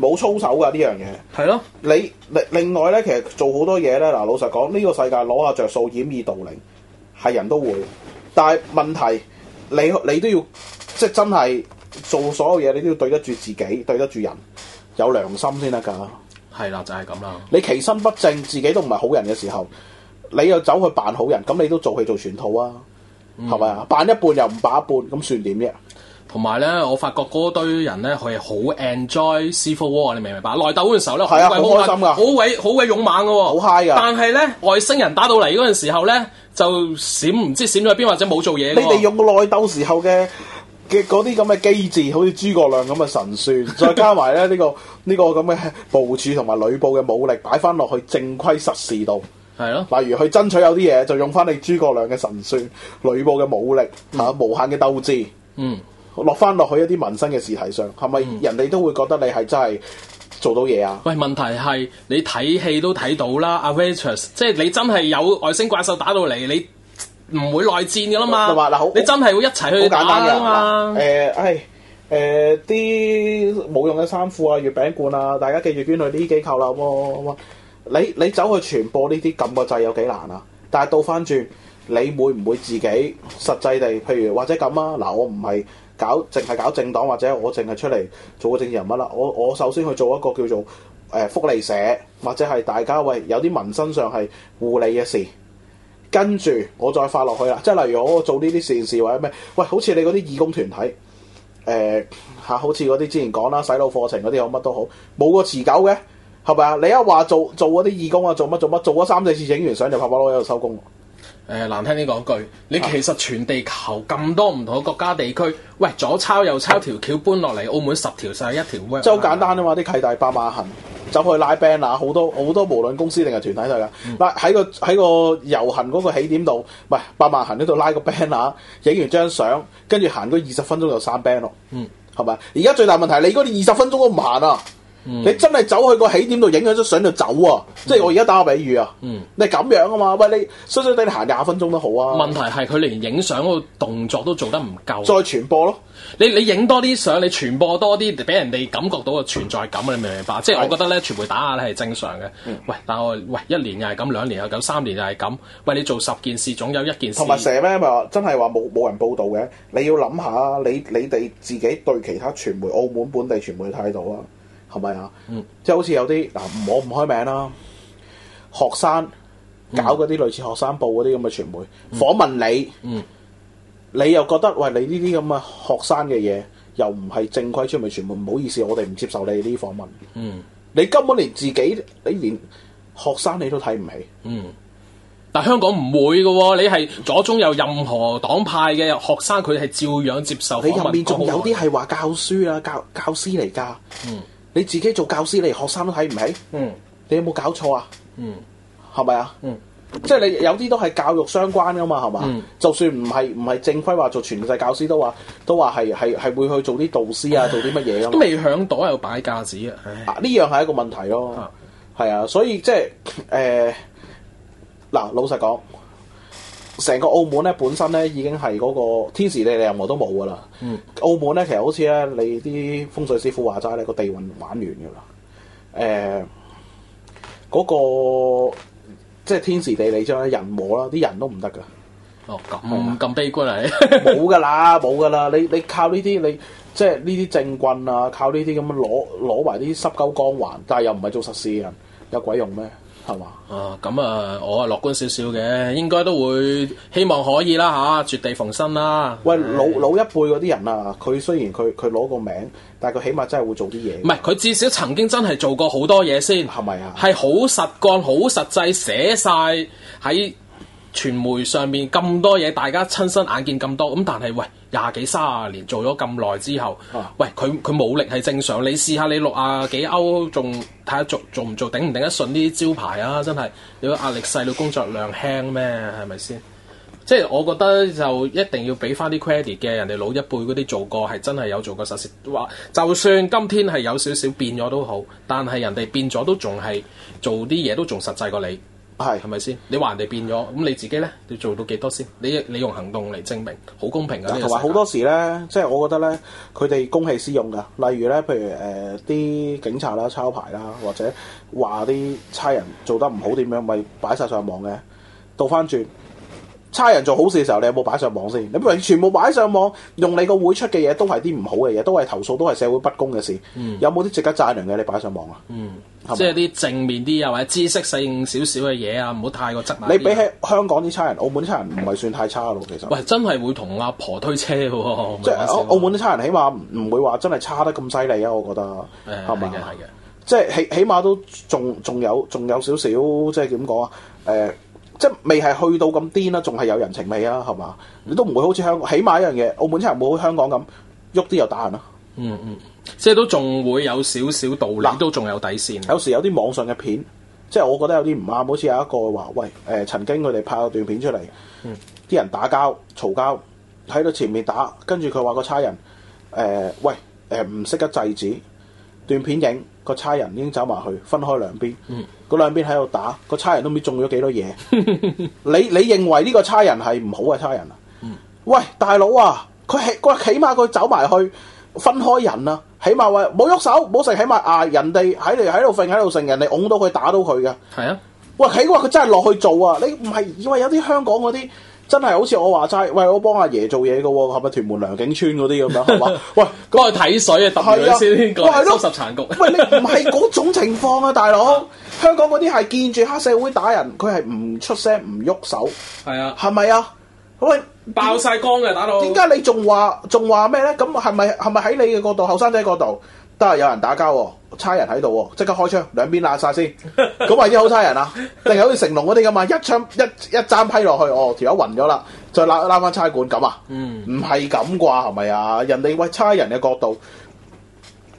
A: 冇 <laughs> 操守噶呢樣嘢。係咯，的你另另外咧，其實做好多嘢咧，嗱老實講，呢個世界攞下着數掩耳盜鈴係人都會。但係問題，你你都要即係真係做所有嘢，你都要對得住自己，對得住人。有良心先得噶，
B: 係啦，就係咁啦。你
A: 其心不正，自己都唔係好人嘅時候，你又走去扮好人，咁你都做戲做全套啊，係咪啊？扮一半又
B: 唔扮一半，咁算點啫？同埋咧，我發覺嗰堆人咧，佢係好 enjoy Civil War，你明唔明白？內鬥嗰陣時候咧，係啊，好開心噶，好鬼好鬼勇猛噶，哦，好嗨噶。但係咧，外星人打到嚟嗰陣時候咧，就閃唔知閃咗去邊或者冇做嘢，哦。你哋用內
A: 鬥時候嘅。嘅嗰啲咁嘅機智，好似諸葛亮咁嘅神算，再加埋咧呢個呢個咁嘅部署同埋呂布嘅武力擺翻落去正規實事度，係咯的。例如去爭取有啲嘢，就用翻你諸葛亮嘅神算、呂布嘅武力嚇、嗯啊、無限嘅鬥志，
C: 嗯，
A: 落翻落去一啲民生嘅事體上，係咪人哋都會覺得你係
B: 真係做到嘢啊？喂，問題係你睇戲都睇到啦，《Avengers》即係你真係有外星怪獸打到嚟，你。唔會內戰噶啦嘛，嗱好、嗯，嗯嗯、你真係會一齊去好簡單打
A: 噶嘛？誒、啊，係誒啲冇用嘅衫褲啊、月餅罐啊，大家記住捐去呢啲機構啦，乜乜乜，你你走去傳播呢啲咁嘅制有幾難啊？但係倒翻轉，你會唔會自己實際地，譬如或者咁啊？嗱、啊，我唔係搞淨係搞政黨，或者我淨係出嚟做個政治人物啦、啊。我我首先去做一個叫做誒、呃、福利社，或者係大家喂有啲民生上係護理嘅事。跟住我再發落去啦，即係例如我做呢啲善事或者咩？喂，好似你嗰啲義工團體，誒、呃、嚇，好似嗰啲之前講啦，洗腦課程嗰啲有乜都好，冇個持久嘅係咪啊？嗯、你一話做做嗰啲義工啊，做乜做乜？做咗三四次，
B: 影完相就拍拍攞，喺度收工。誒，難聽啲講句，你其實全地球咁多唔同嘅國家地區，喂，左抄右抄條橋搬落嚟澳門十條曬一條咩。即係好簡
A: 單啊嘛，啲契大百馬痕。走去拉 b a n d 啊，好多好多，無論公司定係團體都係啦。嗯、拉喺個喺個遊行嗰個起點度，唔係八萬行呢度拉個 b a n d 啊，影完張相，跟住行嗰二十分鐘就散 b a n d 咯。嗯，係咪？而家最大問題，你嗰啲二十分鐘都唔行啊！嗯、你真係走去個起點度影咗張相就走啊！嗯、即係我而家打個比喻啊，嗯、你咁樣啊嘛，喂，你衰衰地行廿分鐘都好啊。問
B: 題係佢連影相嗰個動作都做得唔夠，再傳播咯。你你影多啲相，你傳播多啲，俾人哋感覺到個存在感，你明唔明白？嗯、即係我覺得咧，傳媒打壓咧係正常嘅，嗯。喂，但我喂一年又係咁，兩年又咁，三年又係咁。喂，你做十件事，總有一件事同埋蛇
A: 咩？咪真係話冇冇人報道嘅？你要諗下，你你哋自己對其他傳媒，澳門本地傳媒態度啊？係咪啊？即係、嗯、好似有啲嗱，我唔開名啦。學生搞嗰啲類似學生報嗰啲咁嘅傳媒訪、嗯、問你，嗯、你又覺得喂，你呢啲咁嘅學生嘅嘢，又唔係正規出媒，傳媒唔好意思，我哋唔接受你呢
B: 啲訪問。嗯，你根本連自己你連學生你都睇唔起。嗯，但香港唔會噶、哦，你係左中右任何黨派嘅學生，佢係照樣接受。你入面仲有啲
A: 係話教書啊，教教師嚟噶。嗯。你自己做教師嚟，你學生都睇唔起。嗯，你有冇搞錯啊？嗯，係咪啊？嗯，即係你有啲都係教育相關噶嘛，係嘛？嗯、就算唔係唔係正規話做全日制教師都話都話係係係會去做啲導師啊，哎、呀做啲乜嘢咁。都未
B: 響袋又擺架子、哎、啊！
A: 唉，呢樣係一個問題咯。係啊，啊，所以即係誒嗱，老實講。成個澳門咧，本身咧已經係嗰、那個天時地利人和都冇噶啦。
C: 嗯、
A: 澳門咧，其實好似咧，你啲風水師傅話齋你個地運玩完噶啦。誒、呃，嗰、那個即係天時地利啫，人和啦，啲人都唔得噶。
B: 哦，咁咁吧悲觀啊！
A: 冇噶啦，冇噶啦。你你靠呢啲，你即係呢啲政棍啊，靠呢啲咁樣攞攞埋啲濕鳩光環，但係又唔係做實事人，有鬼用咩？
B: 係嘛？啊，咁啊，我啊樂觀少少嘅，應該都會希望可以啦嚇，啊，絕地逢生啦。喂，老
A: 老一輩嗰啲人啊，佢雖然佢佢攞個名，但係佢起碼真係會做啲嘢。
B: 唔係，佢至少曾經真係做過好多嘢先。係咪啊？係好實幹、好實際，寫晒喺傳媒上面咁多嘢，大家親身眼見咁多，咁但係喂。廿幾三啊年做咗咁耐之後，啊、喂佢佢冇力係正常。你試下你六啊幾歐，仲睇下做做唔做，頂唔頂得順啲招牌啊！真係，你個壓力細，你工作量輕咩？係咪先？即係我覺得就一定要俾翻啲 credit 嘅人哋，老一輩嗰啲做過係真係有做過實事。話就算今天係有少少變咗都好，但係人哋變咗都仲係做啲嘢都仲實際過你。係，係咪先？你話人哋變咗，咁你自己咧，要做到幾多先？你你用行動嚟證明，好公平㗎。同埋好
A: 多時咧，即係我覺得咧，佢哋公器私用㗎。例如咧，譬如誒啲、呃、警察啦，抄牌啦，或者話啲差人做得唔好點樣，咪擺晒上網嘅。倒返轉。差人做好事嘅時候，你有冇擺上網先？你譬如全部擺上網，用你個會出嘅嘢都係啲唔好嘅嘢，都係投訴，都係社會不公嘅事。有冇啲值得讚揚嘅你擺上網啊？嗯，即
B: 係啲正面啲，又或者知識性少少嘅嘢啊，唔好太過質問。你比起
A: 香港啲差人，澳門啲差人唔係算太差咯。其實喂
B: 真係會同阿婆推車喎。即係澳澳
A: 門啲差人，起碼唔會話真係差得咁犀利啊！我覺得係嘅係嘅，即係起起碼都仲仲有仲有少少，即係點講啊？誒。即未係去到咁癲啦，仲係有人情味啊，係嘛？你都唔會好似香港，起碼一樣嘢，澳門真係冇香港咁喐啲又打人啦、啊。嗯嗯，
B: 即係都仲會有少
A: 少道理，嗯、都仲有底線、啊。有時有啲網上嘅片，即係我覺得有啲唔啱，好似有一個話喂，誒、呃、曾經佢哋拍個段片出嚟，啲、嗯、人打交、嘈交，喺到前面打，跟住佢話個差人誒喂誒唔識得制止，段片影個差人已經走埋去，分開兩邊。嗯。嗰兩邊喺度打，個差人都唔知中咗幾多嘢。 <laughs> 你你認為呢個差人係唔好嘅差人啊？嗯、喂，大佬啊，佢係個起碼佢走埋去分開人啊，起碼話冇喐手冇食，起碼啊人哋喺嚟喺度瞓喺度食，人哋㧬到佢打到佢㗎。係啊，喂起話佢真係落去做啊！你唔係以為有啲香港嗰啲？真係好似我話齋，喂我幫阿爺做嘢噶，係咪屯門良景村嗰啲咁樣，係嘛？喂，
B: 咁去睇水啊，特女先講，收拾
A: 殘局。喂，你唔係嗰種情況啊，大佬， <laughs> 香港嗰啲係見住黑社會打人，佢係唔出聲唔喐手，係啊，係咪啊？喂，爆晒
B: 光嘅打佬。點解你
A: 仲話仲話咩咧？咁係咪係咪喺你嘅角度，後生仔角度？真係有人打交喎、哦，差人喺度喎，即刻開槍，兩邊拉晒先。咁話啲好差人啊，定係好似成龍嗰啲咁啊？一槍一一斬劈落去，哦，條友暈咗啦，再拉拉翻差館咁啊？唔係咁啩，係咪啊？人哋喂，差人嘅角度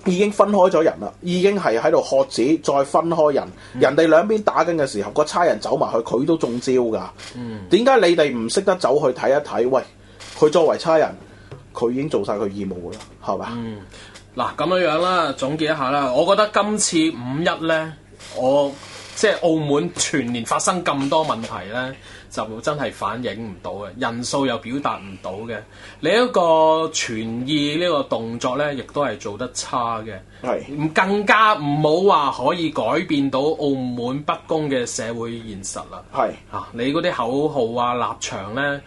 A: 已經分開咗人啦，已經係喺度喝止，再分開人。嗯、人哋兩邊打緊嘅時候，個差人走埋去，佢都中招噶。點解、嗯、你哋唔識得走去睇一睇？喂，佢作為差人，佢已經做晒佢義務啦，係嘛？嗯
B: 嗱咁樣樣啦，總結一下啦，我覺得今次五一呢，我即係澳門全年發生咁多問題呢，就真係反映唔到嘅，人數又表達唔到嘅，你一個傳意呢個動作呢，亦都係做得差嘅，係是，更加唔好話可以改變到澳門不公嘅社會現實啦，係是，嚇、啊、你嗰啲口號啊、立場呢。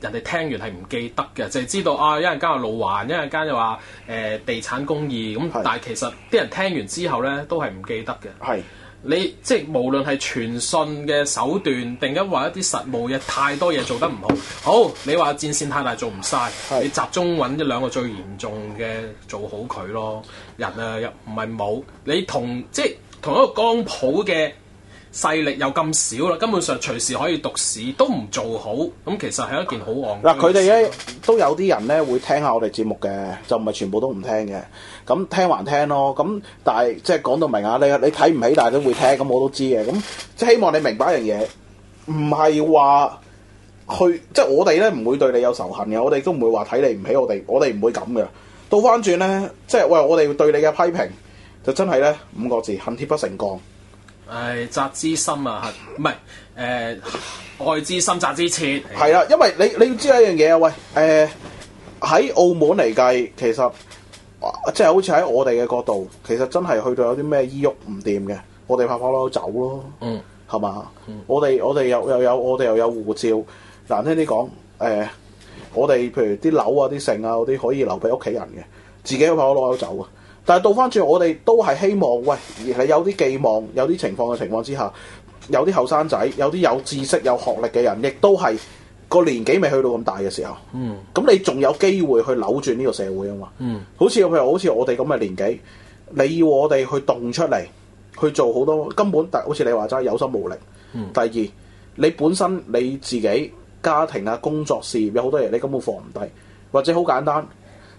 B: 人哋聽完係唔記得嘅，就係、是、知道啊，一陣間話路環，一陣間又話誒地產公義咁，嗯、是但係其實啲人聽完之後咧，都係唔記得嘅。係是你即係無論係傳訊嘅手段，定一話一啲實務，無亦太多嘢做得唔好。好，你話戰線太大做唔晒，是你集中揾一兩個最嚴重嘅做好佢咯。人啊，又唔係冇你同即係同一個光譜嘅。勢力又咁少啦，根本上隨時可以讀市，都唔做好，咁其實係一件好戇。嗱，佢哋咧
A: 都有啲人咧會聽下我哋節目嘅，就唔係全部都唔聽嘅，咁聽還聽咯。咁但係即係講到明啊，你你睇唔起，但係都會聽，咁我都知嘅。咁即係希望你明白一樣嘢，唔係話去，即係我哋咧唔會對你有仇恨嘅，我哋都唔會話睇你唔起我，我哋我哋唔會咁嘅。倒翻轉咧，即係喂，我哋對你嘅批評就真係咧五個字：恨鐵不成鋼。
B: 誒，責之心啊，唔係，誒愛之心，責之切。係啦，因為
A: 你你要知一樣嘢啊，喂，誒喺澳門嚟計，其實即係好似喺我哋嘅角度，其實真係去到有啲咩依郁唔掂嘅，我哋拍拍攞走咯。嗯，係嘛？我哋我哋又又有我哋又有護照，難聽啲講，誒我哋譬如啲樓啊、啲剩啊啲，可以留俾屋企人嘅，自己都拍我攞走啊。但係倒翻轉，我哋都係希望，喂，而係有啲寄望，有啲情況嘅情況之下，有啲後生仔，有啲有知識、有學歷嘅人，亦都係個年紀未去到咁大嘅時候，嗯，咁你仲有機會去扭轉呢個社會啊嘛，嗯，好似譬如好似我哋咁嘅年紀，你要我哋去動出嚟，去做好多根本，但係好似你話齋有心無力，嗯，第二，你本身你自己家庭啊、工作事業，有好多嘢你根本放唔低，或者好簡單。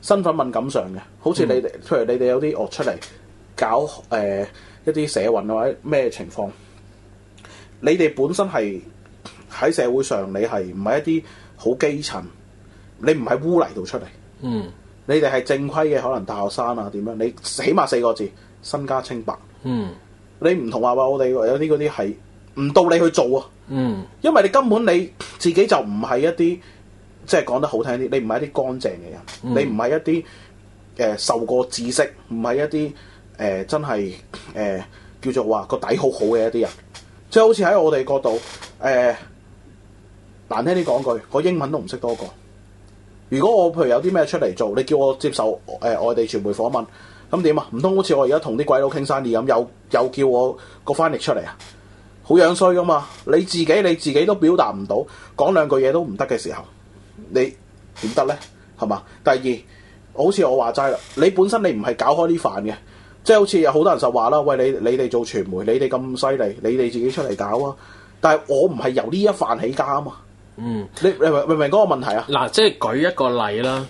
A: 身份敏感上嘅，好似你哋，嗯、譬如你哋有啲惡出嚟搞誒、呃、一啲社運或者咩情況，你哋本身係喺社會上你是是，你係唔係一啲好基層？你唔係污泥度出嚟，嗯，你哋係正規嘅，可能大學生啊點樣？你起碼四個字，身家清白，嗯，你唔同話話我哋有啲嗰啲係唔道理去做啊，嗯，因為你根本你自己就唔係一啲。即係講得好聽啲，你唔係一啲乾淨嘅人，嗯、你唔係一啲誒、呃、受過知識，唔係一啲誒、呃、真係誒、呃、叫做話個底好好嘅一啲人。即係好似喺我哋角度誒、呃、難聽啲講句，我英文都唔識多個。如果我譬如有啲咩出嚟做，你叫我接受誒、呃、外地傳媒訪問，咁、嗯、點啊？唔通好似我而家同啲鬼佬傾生意咁，又又叫我個翻譯出嚟啊？好樣衰㗎嘛！你自己你自己都表達唔到，講兩句嘢都唔得嘅時候。你點得咧？係嘛？第二，好似我話齋啦，你本身你唔係搞開呢飯嘅，即係好似有好多人就話啦，喂，你你哋做傳媒，你哋咁犀利，你哋自己出嚟搞啊！但係我唔係
B: 由呢一飯起家啊嘛。嗯，你你明唔明嗰個問題啊？嗱、嗯，即係舉一個例啦。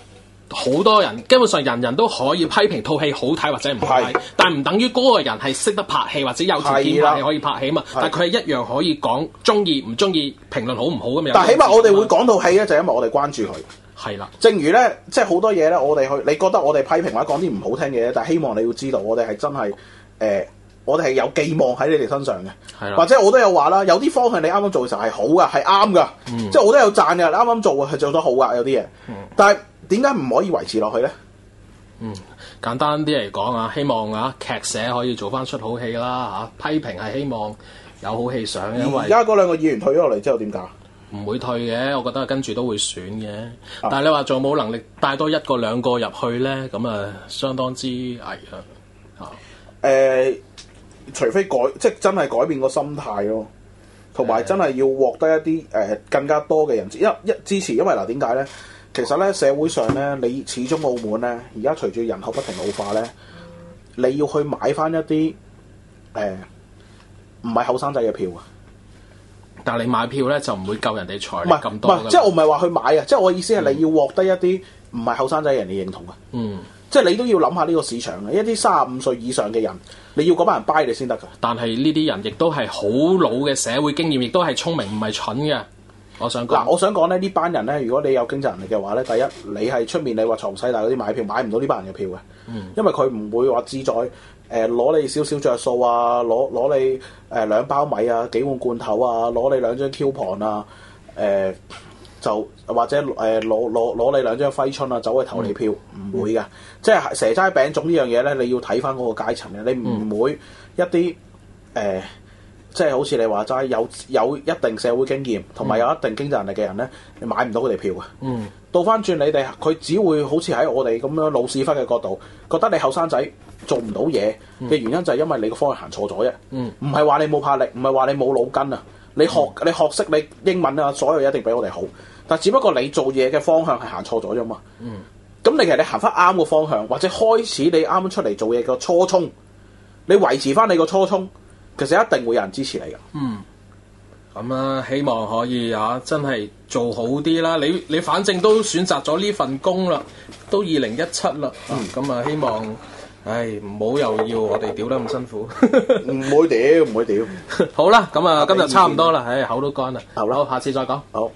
B: 好多人，基本上人人都可以批評套戲好睇或者唔好睇，的但唔等於嗰個人係識得拍戲或者有條件話你可以拍戲嘛。的但係佢係一樣可以講中意唔中意，評論好唔好咁樣。但起碼我哋
A: 會講套戲咧，就因為我哋關注佢。係啦的，正如咧，即係好多嘢咧，我哋去你覺得我哋批評或者講啲唔好聽嘅，但係希望你要知道我、呃，我哋係真係誒，我哋係有寄望喺你哋身上嘅。係啦的，或者我都有話啦，有啲方向你啱啱做嘅時候係好噶，係啱噶，嗯、即係我都有讚嘅。你啱啱做係做得好噶，有啲嘢，但係。點解唔可以維持落去呢？嗯，
B: 簡單啲嚟講啊，希望啊劇社可以做返出好戲啦吓，批評係希望有好戲上。因為而家
A: 嗰兩個議員退
B: 咗落嚟之後點搞？唔會退嘅，我覺得跟住都會選嘅。啊、但係你話仲冇能力帶多一個兩個入去呢，咁啊相當之危險
A: 吓。誒、啊啊，除非改，即真係改變個心態咯，同埋真係要獲得一啲誒、呃、更加多嘅人，一一支持。因為嗱，點、啊、解呢？其實咧，社會上咧，你始終澳門咧，而家隨住人口不停老化咧，你要去買翻一啲誒，唔係後生仔嘅票啊！
B: 但係你買票咧，就唔會夠人哋財唔係咁多，嘛即係我唔
A: 係話去買啊！即係我意思係，你要獲得一啲唔係後生仔嘅人嘅認同啊！嗯，即係你都要諗下呢個市場啊！一啲三十五歲以上嘅人，
B: 你要嗰班人 buy 你先得噶。但係呢啲人亦都係好老嘅社會經驗，亦都係聰明唔係蠢嘅。嗱、啊，我
A: 想講咧，呢班人咧，如果你有經濟能力嘅話咧，第一，你係出面你話從細大嗰啲買票買唔到呢班人嘅票嘅，嗯、因為佢唔會話志在誒攞、呃、你少少着數啊，攞攞你誒、呃、兩包米啊，幾罐罐，罐頭啊，攞你兩張 coupon 啊，誒、呃、就或者誒攞攞攞你兩張揮春啊，走去投你票，唔、嗯、會嘅，嗯、即係蛇齋餅種呢樣嘢咧，你要睇翻嗰個階層嘅，你唔會一啲誒。即係好似你話齋，有有一定社會經驗同埋有一定經濟能力嘅人咧，你買唔到佢哋票㗎。嗯，倒翻轉你哋，佢只會好似喺我哋咁樣老屎忽嘅角度，覺得你後生仔做唔到嘢嘅原因就係因為你個方向行錯咗
C: 啫。嗯，唔係
A: 話你冇魄力，唔係話你冇腦筋啊！你學、嗯、你學識你，你英文啊，所有嘢一定比我哋好。但只不過你做嘢嘅方向係行錯咗啫嘛。嗯，咁你其實你行翻啱個方向，或者開始你啱出嚟做嘢嘅初衷，你維持翻你個初衷。其實一定會有人支持你噶。嗯，
B: 咁啊，希望可以啊，真係做好啲啦。你你反正都選擇咗呢份工啦，都二零一七啦。咁、嗯、啊，啊，希望，唉，唔好又要我哋屌得咁辛苦。
A: 唔好屌、啊，唔好屌。
B: 好啦，咁啊，今日差唔多啦，唉，口都乾啦。
C: 好吧，好，下次再講。好。